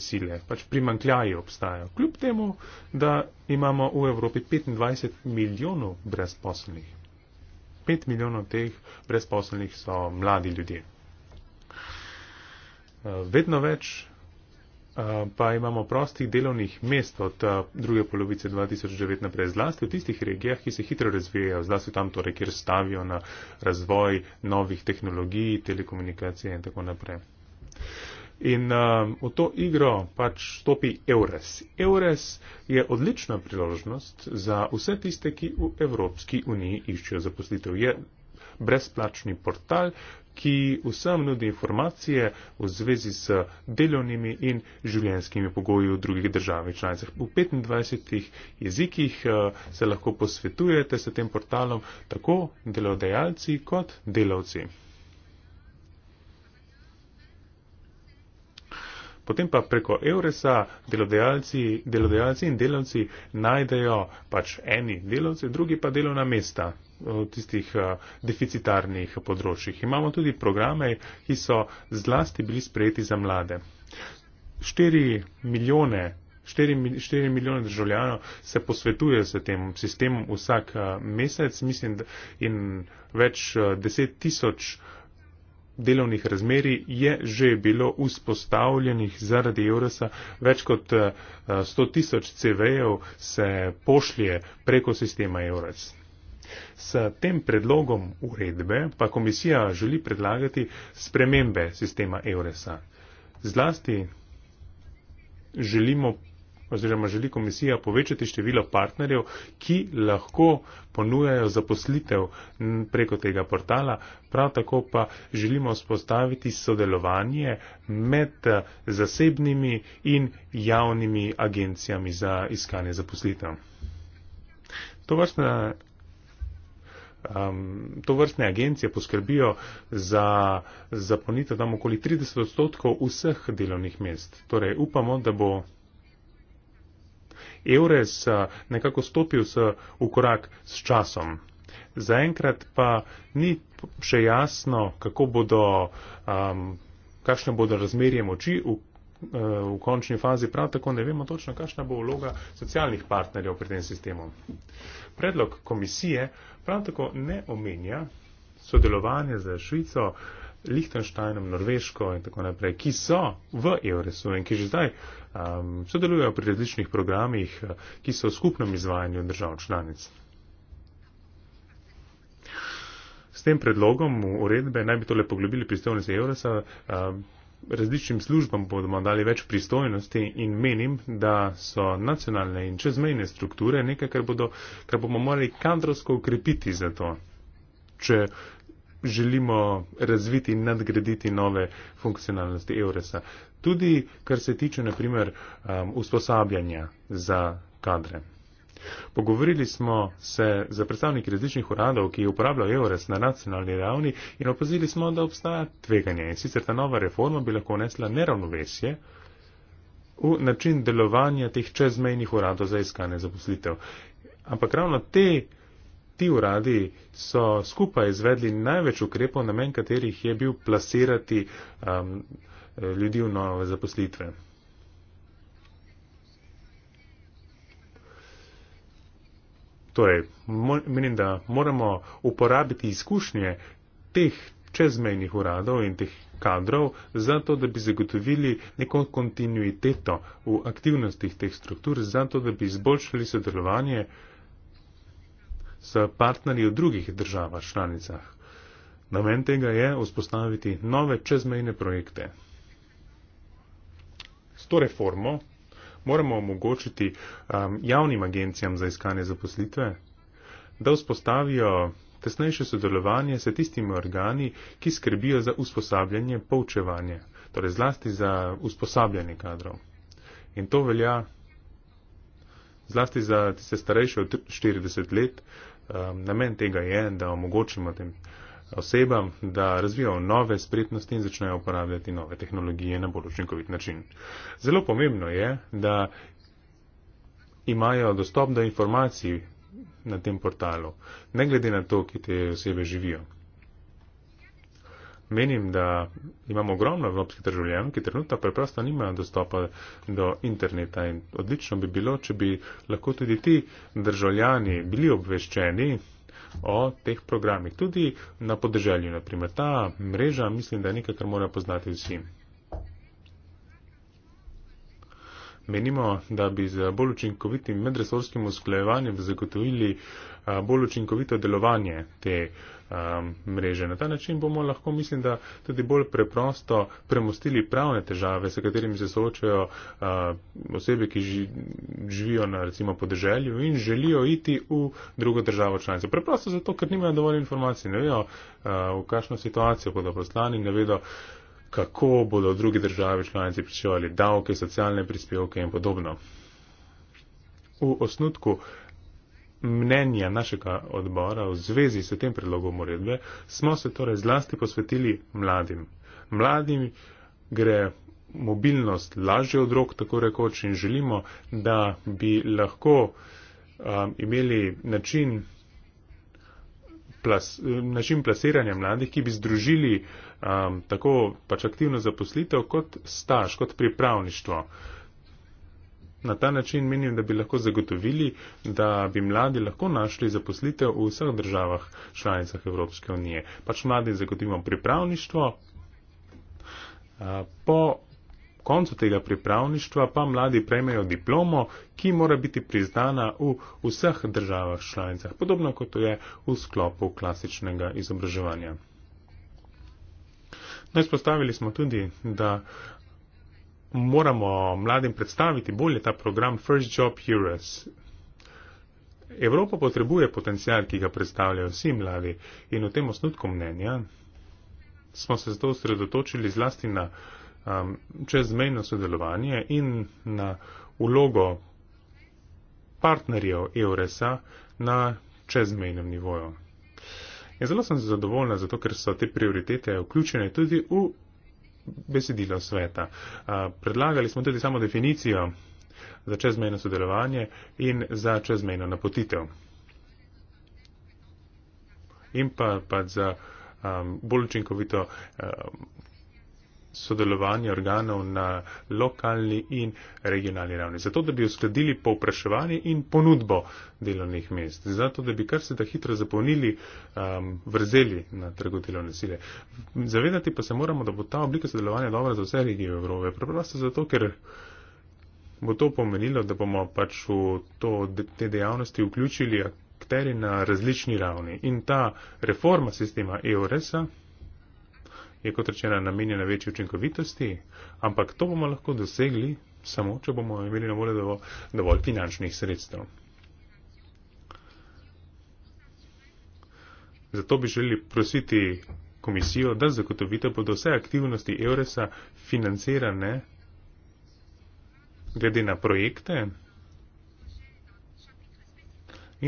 sile, pač primankljaji obstajajo. Kljub temu, da imamo v Evropi 25 milijonov brezposlenih. 5 milijonov teh brezposlenih so mladi ljudje. Uh, vedno več Eh, pa imamo prostih delovnih mest od eh, druge polovice 2009 naprej, zlasti v tistih regijah, ki se hitro razvijajo, zlasti tam torej, kjer stavijo na razvoj novih tehnologij, telekomunikacije in tako naprej. In uh, v to igro pač stopi EURES. EURES je odlična priložnost za vse tiste, ki v Evropski uniji iščejo zaposlitev. Je brezplačni portal, ki vsem nudi informacije v zvezi s delovnimi in življenskimi pogoji v drugih državi članicah. V 25 jezikih eh, se lahko posvetujete s tem portalom tako delodajalci kot delavci. potem pa preko Euresa delodajalci, delodajalci in delavci najdejo pač eni delavci, drugi pa delovna mesta v tistih eh, deficitarnih področjih. Imamo tudi programe, ki so zlasti bili sprejeti za mlade. 4 milijone, 4, 4 milijone državljanov se posvetuje s tem sistemom vsak eh, mesec, mislim, in več eh, deset tisoč delovnih razmeri je že bilo vzpostavljenih zaradi Eurasa. Več kot 100 eh, tisoč CV-jev se pošlje preko sistema Euras. S tem predlogom uredbe pa komisija želi predlagati spremembe sistema Euresa. Zlasti želimo oziroma želi komisija povečati število partnerjev, ki lahko ponujajo zaposlitev preko tega portala. Prav tako pa želimo spostaviti sodelovanje med eh, zasebnimi in javnimi agencijami za iskanje zaposlitev. To vrstne, um, to vrstne agencije poskrbijo za zaponitev tam okoli 30 odstotkov vseh delovnih mest. Torej upamo, da bo Eures nekako stopil v korak s časom. Zaenkrat pa ni še jasno, kako bodo, um, kakšne bodo razmerje moči v, uh, v končni fazi, prav tako ne vemo točno, kakšna bo vloga socialnih partnerjev pri tem sistemu. Predlog komisije prav tako ne omenja sodelovanja za Švico uh, Lihtensteinom, Norveško in tako naprej, ki so v Euresu in ki že zdaj um, sodelujejo pri različnih programih, uh, ki so v skupnem izvajanju držav članic. S tem predlogom uredbe naj bi tole poglobili pristojnosti Euresa. Um, Različnim službam bomo dali več pristojnosti in menim, da so nacionalne in čezmejne strukture nekaj, kar, bodo, kar bomo morali kadrovsko ukrepiti za to. Če želimo razviti in nadgraditi nove funkcionalnosti Euresa. Tudi kar se tiče, naprimer, um, usposabljanja za kadre. Pogovorili smo se za predstavniki različnih uradov, ki uporabljajo EURES na nacionalni ravni in opazili smo, da obstaja tveganje in sicer ta nova reforma bi lahko nesla neravnovesje v način delovanja teh čezmejnih uradov za iskanje zaposlitev. Ampak ravno te ti uradi so skupaj izvedli največ ukrepov, namen katerih je bil plasirati um, ljudi v nove zaposlitve. Torej, menim, da moramo uporabiti izkušnje teh čezmejnih uradov in teh kadrov, zato da bi zagotovili neko kontinuiteto v aktivnostih teh struktur, zato da bi izboljšali sodelovanje uh, z partnerji v drugih državah članicah. Namen tega je vzpostaviti nove čezmejne projekte. S to reformo moramo omogočiti um, javnim agencijam za iskanje zaposlitve, da vzpostavijo tesnejše sodelovanje s tistimi organi, ki skrbijo za usposabljanje, poučevanje, torej zlasti za usposabljanje kadrov. In to velja zlasti za tiste starejše od 40 let. Um, namen tega je, da omogočimo tem osebam, da razvijajo nove spretnosti in začnejo uporabljati nove tehnologije na bolj učinkovit način. Zelo pomembno je, da imajo dostop do informacij na tem portalu, ne glede na to, ki te osebe živijo. Menim, da imamo ogromno evropskih državljanov, ki trenutno preprosto nimajo dostopa do interneta in odlično bi bilo, če bi lahko tudi ti državljani bili obveščeni o teh programih. Tudi na podeželju, naprimer, ta mreža mislim, da je nekaj, kar morajo poznati vsi. Menimo, da bi z bolj učinkovitim medresorskim usklejevanjem zagotovili bolj učinkovito delovanje te mreže. Na ta način bomo lahko, mislim, da tudi bolj preprosto premostili pravne težave, s katerimi se soočajo osebe, ki živijo na recimo podeželju in želijo iti v drugo državo članice. Preprosto zato, ker nimajo dovolj informacij, ne vejo, v kakšno situacijo bodo poslani, ne vedo, kako bodo drugi države članice pričevali davke, socialne prispevke in podobno. V osnutku mnenja našega odbora v zvezi s tem predlogom uredbe smo se torej zlasti posvetili mladim. Mladim gre mobilnost lažje od rok, tako rekoč, in želimo, da bi lahko um, imeli način, plas, način plasiranja mladih, ki bi združili uh, um, tako pač aktivno zaposlitev kot staž, kot pripravništvo. Na ta način menim, da bi lahko zagotovili, da bi mladi lahko našli zaposlitev v vseh državah članicah Evropske unije. Pač mladim zagotovimo pripravništvo. Po koncu tega pripravništva pa mladi prejmejo diplomo, ki mora biti priznana v vseh državah članicah, podobno kot je v sklopu klasičnega izobraževanja. No, izpostavili smo tudi, da moramo mladim predstaviti bolje ta program First Job Heroes. Evropa potrebuje potencial, ki ga predstavljajo vsi mladi in v tem osnutku mnenja smo se zato osredotočili zlasti na um, čezmejno sodelovanje in na ulogo partnerjev EURES-a na čezmejnem nivoju. In ja, zelo sem zadovoljna, zato ker so te prioritete vključene tudi v besedilo sveta. Predlagali smo tudi samo definicijo za čezmejno sodelovanje in za čezmejno napotitev. In pa, pa za um, bolj učinkovito um, sodelovanje organov na lokalni in regionalni ravni, zato da bi uskladili povpraševanje in ponudbo delovnih mest, zato da bi kar se da hitro zapolnili um, vrzeli na trgu delovne sile. Zavedati pa se moramo, da bo ta oblika sodelovanja dobra za vse regije Evrope. Preprosto zato, ker bo to pomenilo, da bomo pač v to, te dejavnosti vključili akteri na različni ravni. In ta reforma sistema EURES-a je kot rečeno namenjena večji učinkovitosti, ampak to bomo lahko dosegli samo, če bomo imeli na voljo dovolj, dovolj finančnih sredstev. Zato bi želeli prositi komisijo, da zagotovite bodo vse aktivnosti Euresa financirane glede na projekte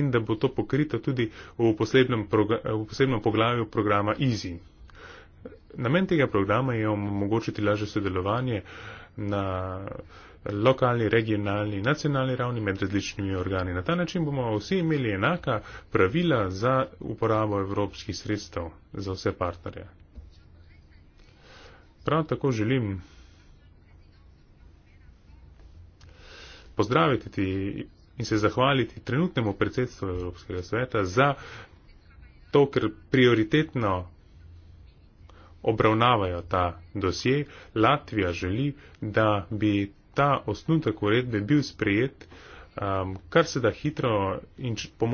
in da bo to pokrito tudi v posebnem, v posebnem poglavju programa EASY. Namen tega programa je omogočiti lažje sodelovanje na lokalni, regionalni, nacionalni ravni med različnimi organi. Na ta način bomo vsi imeli enaka pravila za uporabo evropskih sredstev za vse partnerje. Prav tako želim pozdraviti ti in se zahvaliti trenutnemu predsedstvu Evropskega sveta za to, ker prioritetno obravnavajo ta dosje, Latvija želi, da bi ta osnutek uredbe bil sprejet um, kar se da hitro in po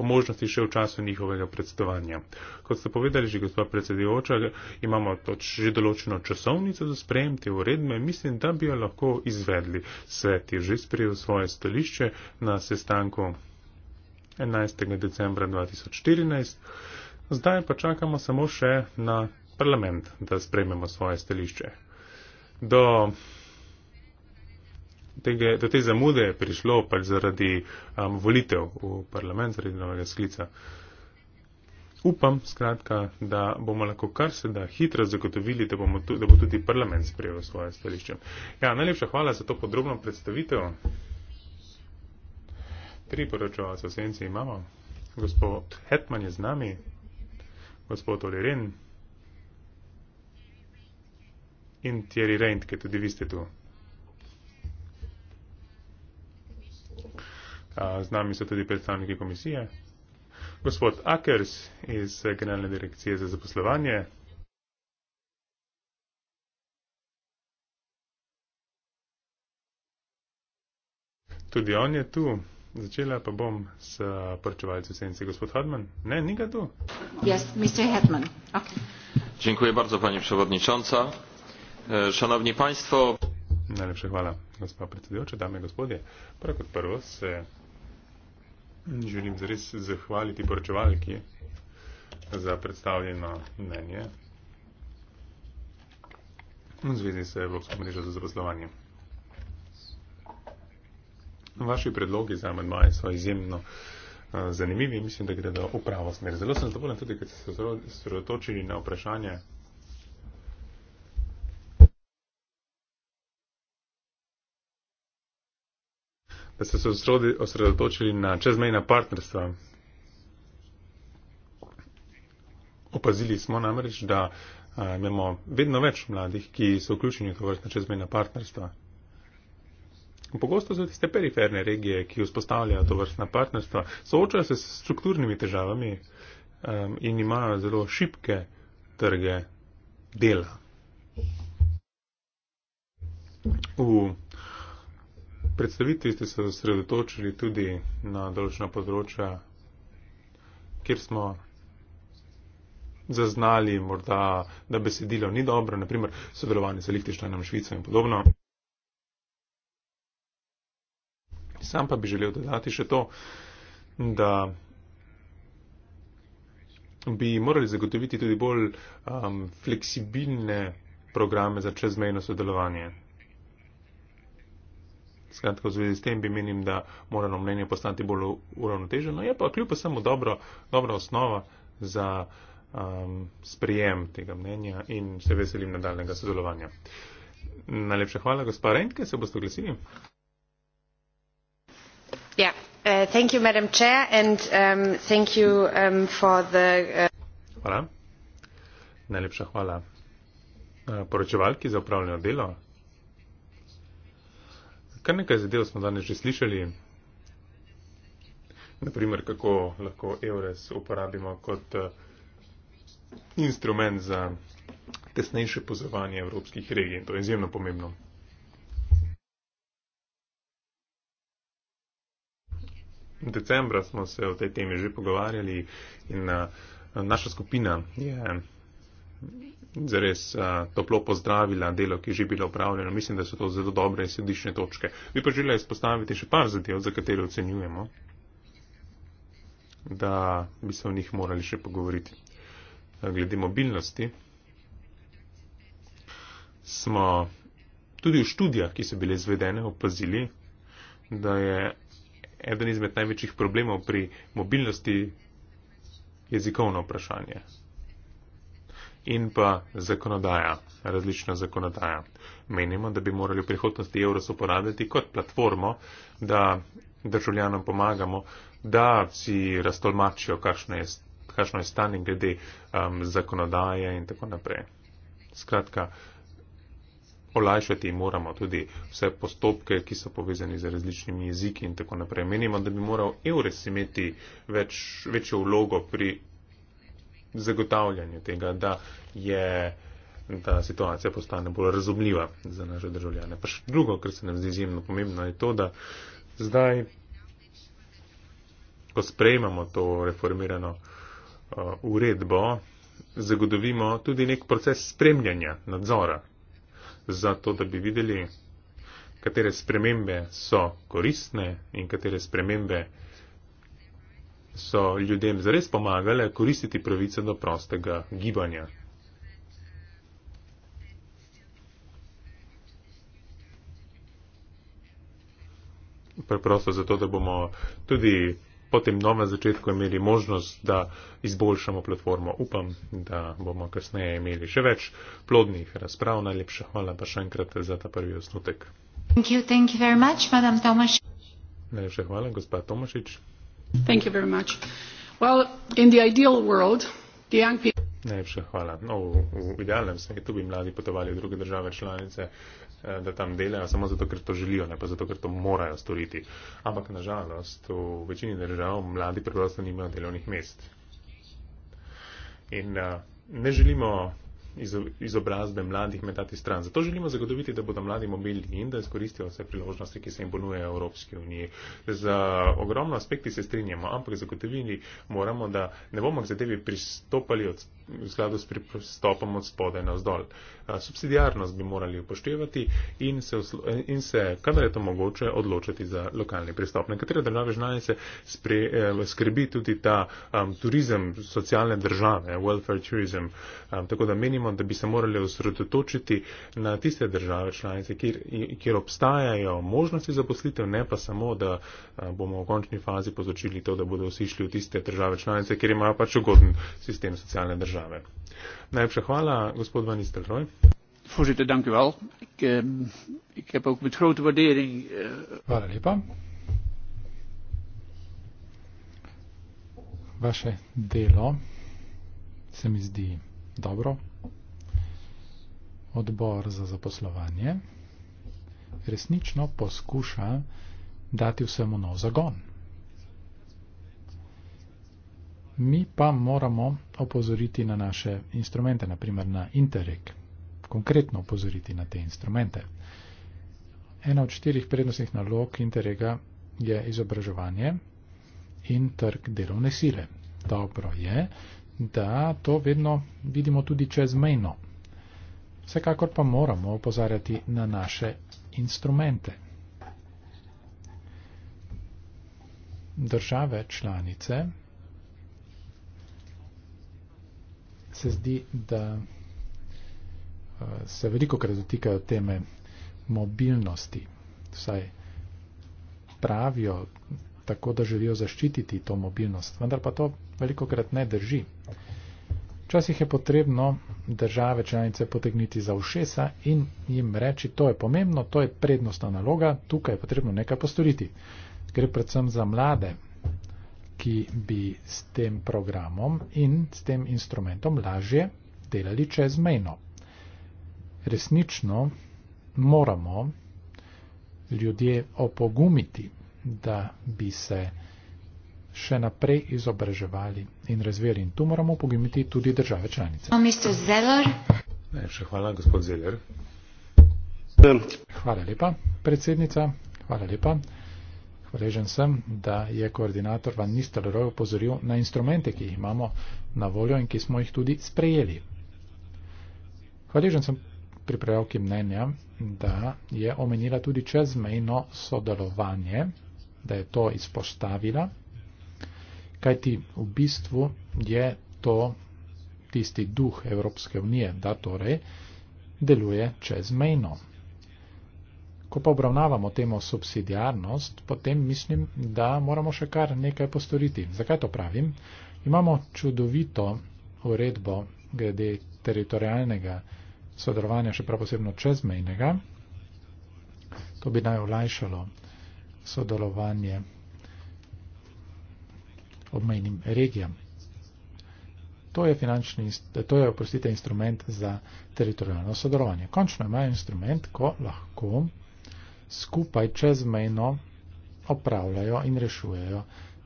možnosti še v času njihovega predstavanja. Kot ste povedali že, gospod predsedujoča, imamo toč že določeno časovnico za sprejem te uredbe, mislim, da bi jo lahko izvedli. Svet je že sprejel svoje stališče na sestanku 11. decembra 2014. Zdaj pa čakamo samo še na parlament, da sprejmemo svoje stališče. Do, tega, do te zamude je prišlo pač zaradi um, volitev v parlament, zaradi novega sklica. Upam, skratka, da bomo lahko kar se da hitro zagotovili, da, bomo, da bo tudi parlament sprejel svoje stališče. Ja, najlepša hvala za to podrobno predstavitev. Tri poročevalce v senci imamo. Gospod Hetman je z nami. Gospod Oliren in Thierry Reint, ki tudi vi ste tu. Z nami so tudi predstavniki komisije. Gospod Akers iz Generalne direkcije za zaposlovanje. Tudi on je tu. Začela pa bom s porčevalcem senci. Gospod Hadman? Ne, ni ga tu. Yes, Mr. Hadman. Okay. Dziękuję bardzo, Pani Przewodnicząca. E, Szanowni Państwo. Najlepsza chwała, Gospa Precydio, czy damy Gospodzie. Prokut Perus, Julim Zrys, zachwalić i porczywalki za przedstawienie na nie. Zwiedzi się w obsługu mreża za zrozumowanie. Vaši predlogi za amedmaje so izjemno e, zanimivi in mislim, da gre do upravo smer. Zelo sem zadovoljen tudi, ker ste se osredotočili na vprašanje da ste se osredotočili na čezmejna partnerstva. Opazili smo namreč, da imamo vedno več mladih, ki so vključeni v to vrstna čezmejna partnerstva. Pogosto so tiste periferne regije, ki vzpostavljajo to vrstna partnerstva, soočajo se s strukturnimi težavami in imajo zelo šibke trge dela. V predstavitvi ste se osredotočili tudi na določena področja, kjer smo zaznali morda, da besedilo ni dobro, naprimer sodelovanje z Lichtensteinom, Švico in podobno. Sam pa bi želel dodati še to, da bi morali zagotoviti tudi bolj um, fleksibilne programe za čezmejno sodelovanje. Skratka, v zvezi s tem bi menim, da moralo mnenje postati bolj uravnoteženo. Je pa kljub vsemu dobro, dobra osnova za um, sprijem tega mnenja in se veselim nadaljnega sodelovanja. Najlepša hvala, gospa Rentke, se boste oglasili. Ja, eh, thank you, madam chair, and um, thank you um, for the. Uh... Hvala. Najlepša hvala eh, poročevalki za upravljanje delo kar nekaj zadev smo danes že slišali. Naprimer, kako lahko EURES uporabimo kot eh, instrument za tesnejše pozovanje evropskih regij. To je izjemno pomembno. Decembra smo se o tej temi že pogovarjali in eh, naša skupina je zares a, eh, toplo pozdravila delo, ki je že bilo upravljeno. Mislim, da so to zelo dobre in središnje točke. Bi pa želela izpostaviti še par zadev, za katere ocenjujemo, da bi se o njih morali še pogovoriti. Eh, glede mobilnosti smo tudi v študijah, ki so bile izvedene, opazili, da je eden izmed največjih problemov pri mobilnosti jezikovno vprašanje in pa zakonodaja, različna zakonodaja. Menimo, da bi morali v prihodnosti EUROS uporabljati kot platformo, da državljanom pomagamo, da si raztolmačijo, kakšno je, kakšno je stanje glede um, zakonodaje in tako naprej. Skratka, olajšati moramo tudi vse postopke, ki so povezani z različnimi jeziki in tako naprej. Menimo, da bi moral EUROS imeti več, večjo vlogo pri zagotavljanju tega, da, je, da situacija postane bolj razumljiva za naše državljane. Pa še drugo, kar se nam zdi izjemno pomembno, je to, da zdaj, ko sprejmamo to reformirano uh, uredbo, zagodovimo tudi nek proces spremljanja, nadzora, zato da bi videli, katere spremembe so koristne in katere spremembe so ljudem zares pomagale koristiti pravice do prostega gibanja. Preprosto zato, da bomo tudi po tem novem začetku imeli možnost, da izboljšamo platformo. Upam, da bomo kasneje imeli še več plodnih razprav. Najlepša hvala pa še enkrat za ta prvi osnutek. Thank you, thank you very much, Madam Tomašič. Najlepša hvala, gospod Tomašič. Thank you very much. Well, in the ideal world, the young people. Najlepša hvala. No, v, v idealnem svetu bi mladi potovali v druge države članice, eh, da tam delajo, samo zato, ker to želijo, ne pa zato, ker to morajo storiti. Ampak nažalost, v večini držav mladi preprosto nimajo delovnih mest. In eh, ne želimo izobrazbe mladih med dati stran. Zato želimo zagotoviti, da bodo mladi mobilni in da izkoristijo vse priložnosti, ki se jim ponujejo Evropski uniji. Za ogromno aspekti se strinjamo, ampak zagotovili moramo, da ne bomo k zadevi pristopali od, v skladu s pristopom od spodaj na vzdolj subsidijarnost bi morali upoštevati in se, in se kadar je to mogoče, odločiti za lokalni pristop. Nekatere države žnalice eh, skrbi tudi ta um, turizem socialne države, welfare turizem, um, tako da menimo, da bi se morali osredotočiti na tiste države članice, kjer, kjer obstajajo možnosti zaposlitev, ne pa samo, da eh, bomo v končni fazi pozročili to, da bodo vsi šli v tiste države članice, kjer imajo pač ugoden sistem socialne države. Najlepša hvala, gospod Van Nistelrooy. Voorzitter, dank u wel. Ik, eh, ik heb ook met grote waardering. Eh, hvala lepa. Vaše delo se mi zdi dobro. Odbor za zaposlovanje resnično poskuša dati vsemu nov zagon mi pa moramo opozoriti na naše instrumente, naprimer na Interreg, konkretno opozoriti na te instrumente. Ena od štirih prednostnih nalog Interrega je izobraževanje in trg delovne sile. Dobro je, da to vedno vidimo tudi čezmejno. Vsekakor pa moramo opozarjati na naše instrumente. Države članice se zdi, da eh, se veliko krat dotikajo teme mobilnosti. Vsaj pravijo tako, da želijo zaščititi to mobilnost, vendar pa to veliko krat ne drži. Včasih je potrebno države članice potegniti za ušesa in jim reči, to je pomembno, to je prednostna naloga, tukaj je potrebno nekaj postoriti. Gre predvsem za mlade, ki bi s tem programom in s tem instrumentom lažje delali čezmejno. Resnično moramo ljudje opogumiti, da bi se še naprej izobraževali in razvijali. In tu moramo pogimiti tudi države članice. Oh, Najlepša hvala, gospod Zeller. Hvala lepa, predsednica. Hvala lepa. Hvaležen sem, da je koordinator Van Nistelrooy upozoril na instrumente, ki jih imamo na voljo in ki smo jih tudi sprejeli. Hvaležen sem pripravki mnenja, da je omenila tudi čezmejno sodelovanje, da je to izpostavila, kajti v bistvu je to tisti duh Evropske unije, da torej deluje čezmejno. Ko pa obravnavamo temo subsidiarnost, potem mislim, da moramo še kar nekaj postoriti. Zakaj to pravim? Imamo čudovito uredbo glede teritorijalnega sodelovanja, še prav posebno čezmejnega. To bi naj olajšalo sodelovanje obmejnim regijam. To je, finančni, to je oprostite, instrument za teritorijalno sodelovanje. Končno imajo instrument, ko lahko skupaj čezmejno opravljajo in rešujejo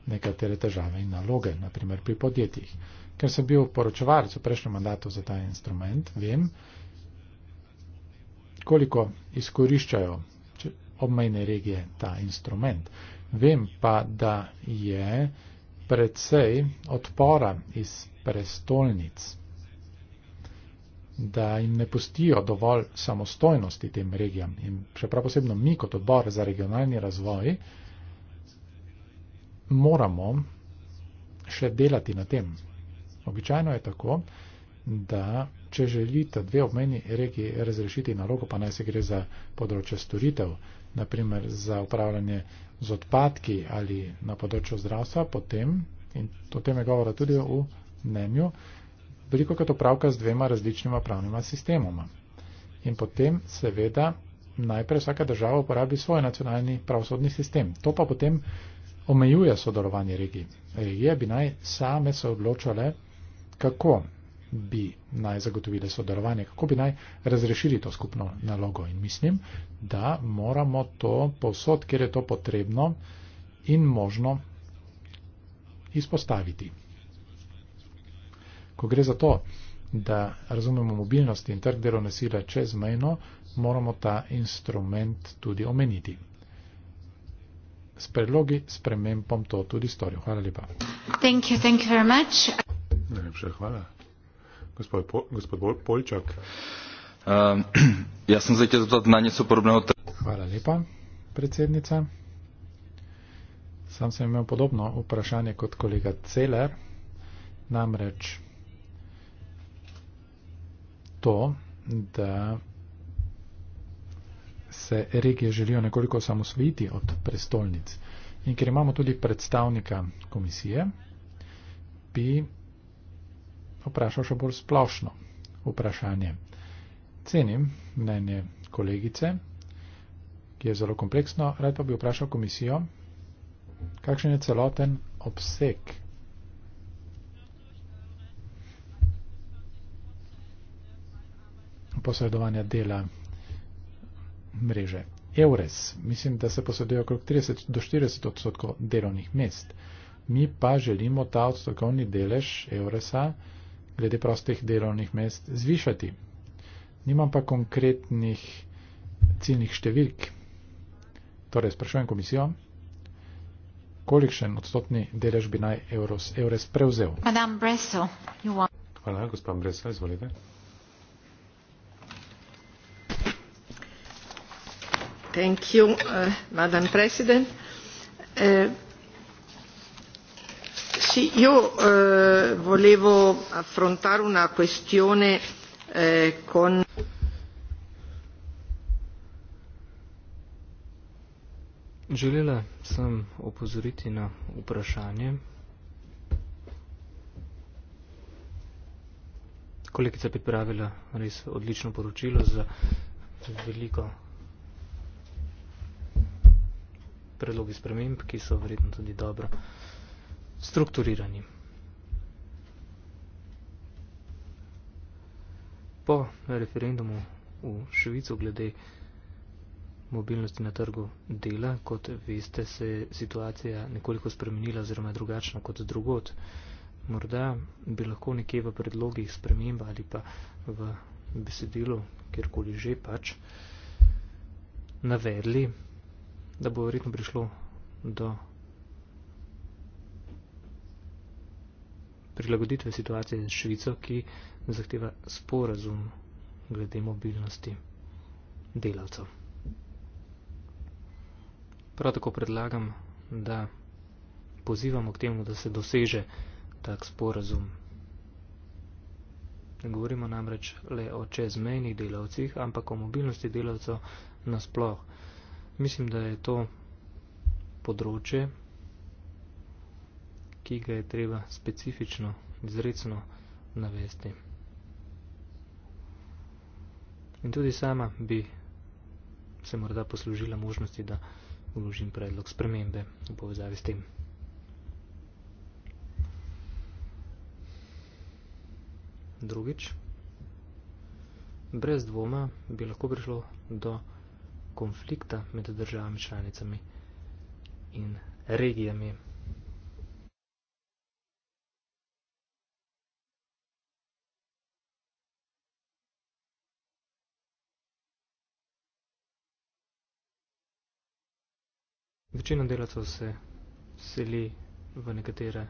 nekatere težave in naloge, naprimer pri podjetjih. Ker sem bil poročevalec v prejšnjem mandatu za ta instrument, vem, koliko izkoriščajo obmejne regije ta instrument. Vem pa, da je predvsej odpora iz prestolnic da jim ne pustijo dovolj samostojnosti tem regijam. In še prav posebno mi kot odbor za regionalni razvoj moramo še delati na tem. Običajno je tako, da če želite dve obmejni regiji razrešiti nalogo, pa naj se gre za področje storitev, naprimer za upravljanje z odpadki ali na področju zdravstva, potem, in o tem je govora tudi v mnenju, veliko krat opravka z dvema različnima pravnima sistemoma. In potem, seveda, najprej vsaka država uporabi svoj nacionalni pravosodni sistem. To pa potem omejuje sodelovanje regij. Regije bi naj same se odločale, kako bi naj zagotovile sodelovanje, kako bi naj razrešili to skupno nalogo. In mislim, da moramo to posod, kjer je to potrebno in možno, izpostaviti. Ko gre za to, da razumemo mobilnost in trg delovne sile čezmejno, moramo ta instrument tudi omeniti. S predlogi sprememb bom to tudi storil. Hvala lepa. Thank you, thank you Najlepša hvala. Gospod, Pol, gospod Bol, Polčak. Um, [clears throat] jaz sem zdaj zato na nje so podobno. Hvala lepa, predsednica. Sam sem imel podobno vprašanje kot kolega Celer. Namreč to, da se regije želijo nekoliko samosvojiti od prestolnic. In ker imamo tudi predstavnika komisije, bi vprašal še bolj splošno vprašanje. Cenim mnenje kolegice, ki je zelo kompleksno, rad pa bi vprašal komisijo, kakšen je celoten obseg posredovanja dela mreže. Eures, mislim, da se posreduje okrog 30 do 40 odstotkov delovnih mest. Mi pa želimo ta odstotkovni delež Euresa glede prostih delovnih mest zvišati. Nimam pa konkretnih ciljnih številk. Torej, sprašujem komisijo, kolikšen odstotni delež bi naj Eures prevzel. Hvala, gospod Bresa, izvolite. Uh, uh, sì io uh, volevo affrontare una questione con želela sem opozoriti na vprašanje kolegica pripravila res odlično poročilo z veliko predlogi sprememb, ki so verjetno tudi dobro strukturirani. Po referendumu v Švico glede mobilnosti na trgu dela, kot veste, se je situacija nekoliko spremenila oziroma drugačna kot drugot. Morda bi lahko nekje v predlogih sprememba ali pa v besedilu, kjerkoli že pač, navedli, da bo verjetno prišlo do prilagoditve situacije z Švico, ki zahteva sporazum glede mobilnosti delavcev. Prav tako predlagam, da pozivamo k temu, da se doseže tak sporazum. Ne govorimo namreč le o čezmejnih delavcih, ampak o mobilnosti delavcev nasploh mislim, da je to področje, ki ga je treba specifično, izrecno navesti. In tudi sama bi se morda poslužila možnosti, da vložim predlog spremembe v povezavi s tem. Drugič, brez dvoma bi lahko prišlo do konflikta med državami članicami in regijami. Večina delavcev se seli v nekatere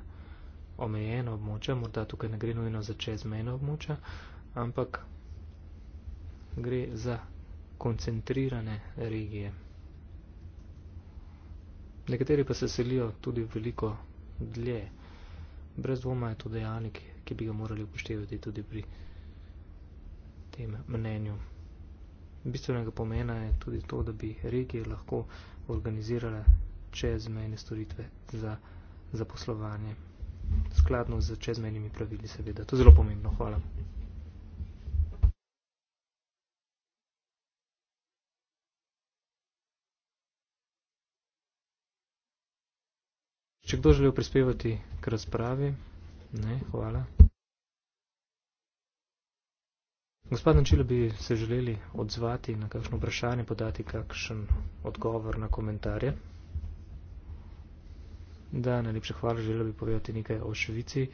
omejeno območja, morda tukaj ne gre nujno za čezmejno območja, ampak gre za koncentrirane regije. Nekateri pa se selijo tudi veliko dlje. Brez dvoma je to dejanik, ki bi ga morali upoštevati tudi pri tem mnenju. Bistvenega pomena je tudi to, da bi regije lahko organizirale čezmejne storitve za zaposlovanje. Skladno z čezmejnimi pravili seveda. To je zelo pomembno. Hvala. Če kdo želi prispevati k razpravi? Ne, hvala. Gospod Načilo, bi se želeli odzvati na kakšno vprašanje, podati kakšen odgovor na komentarje? Da, najlepša hvala, želela bi povedati nekaj o Švici.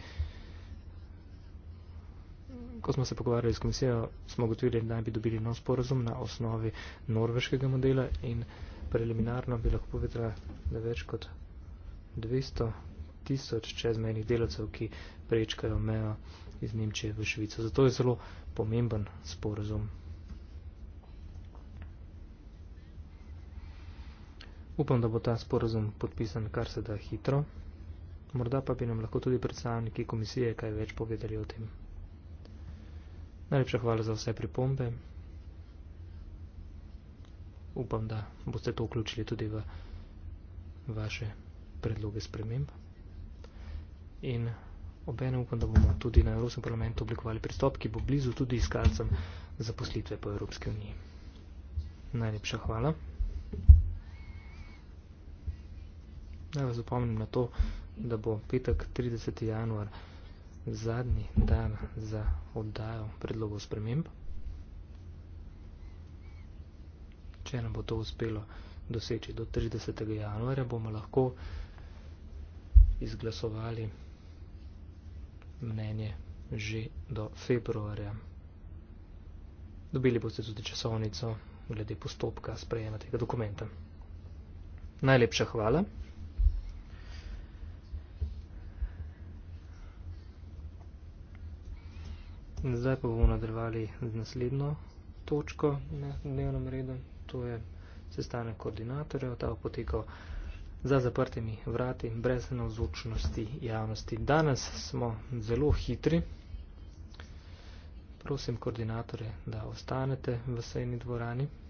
Ko smo se pogovarjali s komisijo, smo ugotovili, da naj bi dobili nov sporazum na osnovi norveškega modela in preliminarno bi lahko povedala, da več kot 200 tisoč čezmejnih delavcev, ki prečkajo mejo iz Nemčije v Švico. Zato je zelo pomemben sporozum. Upam, da bo ta sporozum podpisan kar se da hitro. Morda pa bi nam lahko tudi predstavniki komisije kaj več povedali o tem. Najlepša hvala za vse pripombe. Upam, da boste to vključili tudi v vaše predloge sprememb. In obenem upam, da bomo tudi na Evropskem parlamentu oblikovali pristop, ki bo blizu tudi iskalcem zaposlitve po Evropski uniji. Najlepša hvala. Naj vas upomnim na to, da bo petek 30. januar zadnji dan za oddajo predlogov sprememb. Če nam bo to uspelo doseči do 30. januarja, bomo lahko izglasovali mnenje že do februarja. Dobili boste tudi časovnico glede postopka sprejema tega dokumenta. Najlepša hvala. Zdaj pa bomo nadaljevali z naslednjo točko na dnevnem redu, to je sestanek koordinatorjev, ta bo potekal za zaprtimi vrati, brez navzočnosti javnosti. Danes smo zelo hitri. Prosim koordinatore, da ostanete v sejni dvorani.